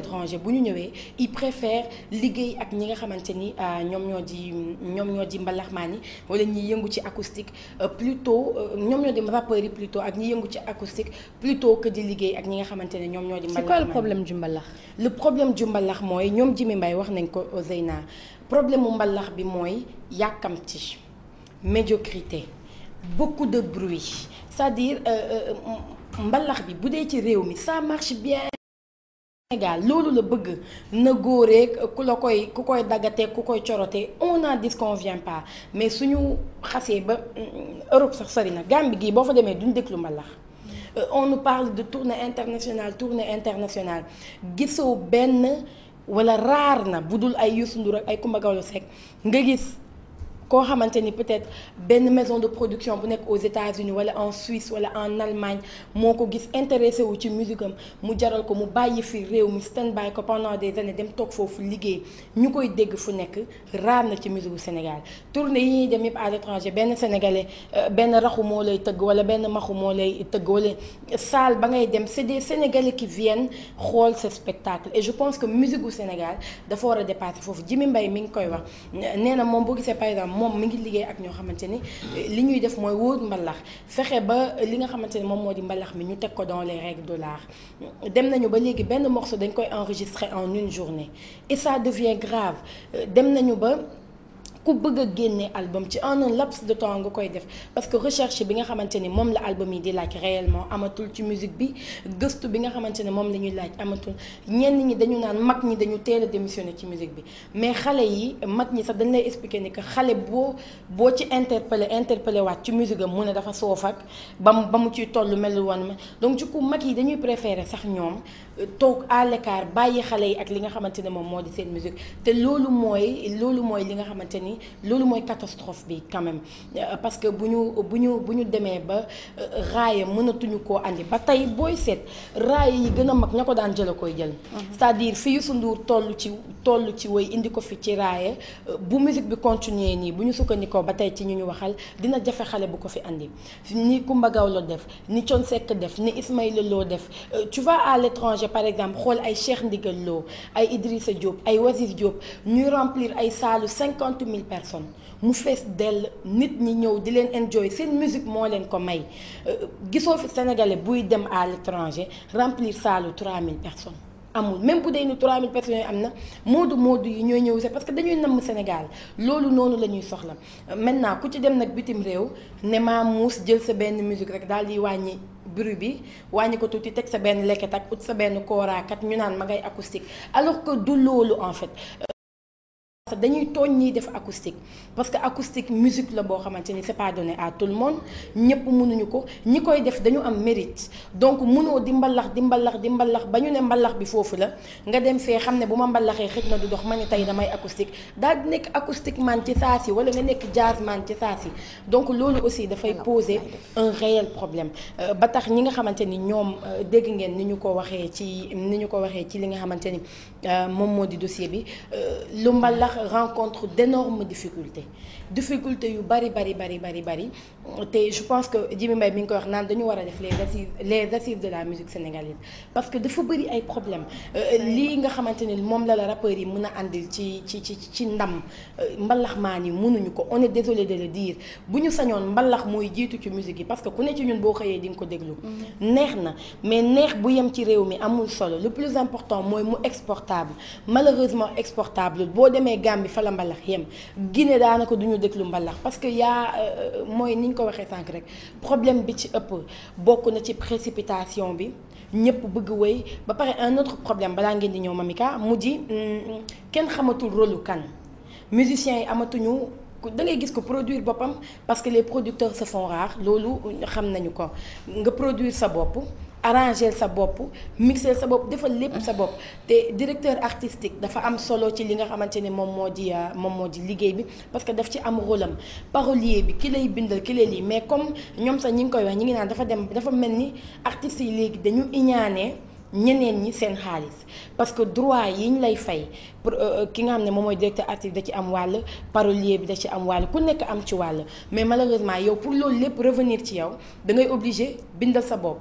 l'étranger bu ñu ñëwee ils préfèrent liggéey ak ñi nga xamante ni euh, ñoom ñoo di ñoom ñoo di mbalaxmaan yi wala ñi yëngu ci acoustique euh, plutôt euh, ñoom ñoo di rappeurs yi plutôt ak ñi yëngu ci acoustique plutôt que di liggéey ak ñi nga xamante ne ñoom ñoo di. mbalaxmaan c'est quoi le problème du mbalax. le problème du mbalax mooy ñoom Jimi mbay wax nañ ko Zeyna problème mu mbalax bi mooy yàkkamti médiocrité beaucoup de bruit c'est-à-dire mbalax bi bu dee ci réew mi ça marche Sénégal loolu la bëgg na góoreeg ku la koy ku koy daggateeg ku koy corotee on n'en disconvient pas mais suñu xasee ba mm, Europe sax sari na Gambie gii boo fa demee duñ déglu mbalax euh, on nous parle de tournée internationale tournée internationale gisoo benn wala raar na bu dul ay Youssou Ndour ak ay Coumba Gawlo Seck nga gis koo xamante ni peut-être benn maison de production bu nekk aux États-Unis wala en Suisse wala en Allemagne moo ko gis intéressé wu ci musique am mu jaral ko mu bàyyi fi réew mu stand by ko pendant des années dem toog foofu liggéey ñu koy dégg fu nekk raar na ci wu Sénégal tournée yi ñuy dem yëpp à l'étranger benn sénégalais euh, benn raxu moo lay tëgg wala benn maxu moo lay tëgg wala salle ba ngay dem c'est des sénégalais qui viennent xool sa spectacle et je pense que musique gu Sénégal dafa war a dépasser foofu Jimi Mbaye mi ngi koy wax nee na moom boo gisee par exemple moom mi ngi liggéey ak ñoo xamante ni eh, li ñuy def mooy wóor mbalax fexe ba li nga xamante ni moom moo di mbalax mi ñu teg ko dans les règles de l'art dem nañu ba léegi benn morceau dañ koy enregistrer en une journée et ça devient grave eh, dem nañu ba ku bëgg a génne album ci en un laps de temps nga koy def parce que recherche bi nga xamante ni moom la album yi di laaj réellement amatul ci musique bi gëstu bi nga xamante ne moom la ñuy laaj amatul ñenn ñi dañu naan mag ñi dañu teel a ci musique bi mais xale yi mag ñi sax dañ lay expliquer ni que xale boo boo ci interpellé interpellé waat ci musique am mu ne dafa soof ak ba mu ba mu ciy toll melu woon ma donc ci ku mag yi dañuy préféré sax ñoom toog à l'écart bàyyi xale yi ak li nga xamante ne moom moo di seen musique te loolu mooy loolu mooy li nga xamante ni loolu mooy catastrophe bi quand même euh, parce que bu ñu bu ñu bu ñu demee ba euh, raaya mënatuñu ko andi ba tey booy seet raaya yi gën a mag ña ko daan jëla koy jël mhm. c'est-à-dire fi Youssou Ndour toll ci toll ci woy indi ko fi ci raaya euh, bu musique bi continuer nii bu ñu sukkandikoo ba tey ci ñu ñu waxal dina jafe xale bu ko fi andi ni Coumba Gawlo def ni Thione Seck def ni Ismaïla Lo def tu par exemple xool ay Cheikh Ndigal Lo ay Idrissa Diop ay Wazir Diop ñuy remplir ay saalu cinquante mille personnes mu fees dell nit ñi ñëw di leen enjoy seen musique moo leen ko may euh, gisoo fi sénégalais buy dem à l'étranger remplir saalu trois mille amul même bu dee ni 3000 personnes yooyu am na moodu moodu yi ñooy ñëw sax parce que dañuy namm Sénégal loolu noonu la ñuy soxla maintenant ku ci dem nag bitim réew ne maa muus jël sa benn musique rek daal di wàññi. bruit bi wàññi ko tuuti teg sa benn leket ak ut sa benn kooraa kat ñu naan ma ngay acoustique alors que du loolu en fait dañuy tooñ ñiy def acoustique parce que acoustique musique la boo xamante ni c'est pas donné à tout le monde ñëpp mënuñu ko ñi koy def dañu am mérite donc mënoo di mbalax di mbalax di mbalax ba ñu ne mbalax bi foofu la nga dem fee xam ne bu ma mbalaxee xëj na du dox ma ne tey damay acoustique daal di nekk acoustique man ci saas si wala nga nekk jazz man ci saa si donc loolu aussi dafay poser un réel problème euh, ba tax ñi nga xamante ni ñoom euh, dégg ngeen ni ñu ko waxee ci ni ñu ko waxee ci li nga xamante ni euh, moom moo di dossier bi rencontre d'énormes difficultés difficulté yu bari bari bari bari bari te je pense que Jimi Mbaye mi ngi koy wax naan dañu war a def les assises les assises de la musique sénégalaise parce que dafa bari ay problème euh, lii nga xamante ne moom la la rappeurs yi mën a àndil ci ci ci ci ndam euh, mbalax maan yi mënuñu ko on est désolé de le dire bu ñu sañoon mbalax mooy jiitu ci musique yi parce que ku ne ci ñun boo xëyee di nga ko déglu mm-hmm. neex na mais neex bu yem ci réew mi amul solo le plus important mooy mu exportable malheureusement exportable boo demee Gambie fa mbalax yem déglu mbalax parce que yaa euh, mooy ni ñu ko waxee sànq rek problème bi ci ëpp bokk na ci précipitation bi ñëpp bëgg wéy ba pare un autre problème balaa ngeen di ñëw Mamika mu ji mm, kenn xamatul rolu kan musiciens yi amatuñu. da ngay gis ko produire boppam parce que les producteurs se font loolu xam nañu ko nga produire sa bopp arranger sa bopp mixer sa bopp defal lépp sa bopp te directeur artistique dafa am solo ci li nga xamante ne moom moo di euh, moom moo di liggéey bi parce que daf ci am rôle parolier bi ki lay bindal ki lay lii mais comme ñoom sax ñi ngi koy wax ñi ngi naan dafa dem dafa mel ni artistes yi léegi dañu iñaanee ñeneen ñi seen xaalis parce que droit yi ñu lay fay pour euh, euh, ki nga xam ne moom mooy directeur artistique da ci am wàll parolier bi da ci am wàll ku nekk am ci wàll mais malheureusement yow pour loolu lépp revenir ci yow dangay ngay bindal sa bopp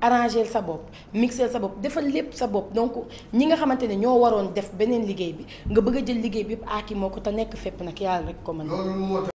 arranger sa bopp mixer sa bopp defal lépp sa bopp donc ñi nga xamante ne ñoo waroon def beneen liggéey bi nga bëgg a jël liggéey bi yëpp aaki ah moo ko te nekk fépp nag yàlla rek ko mën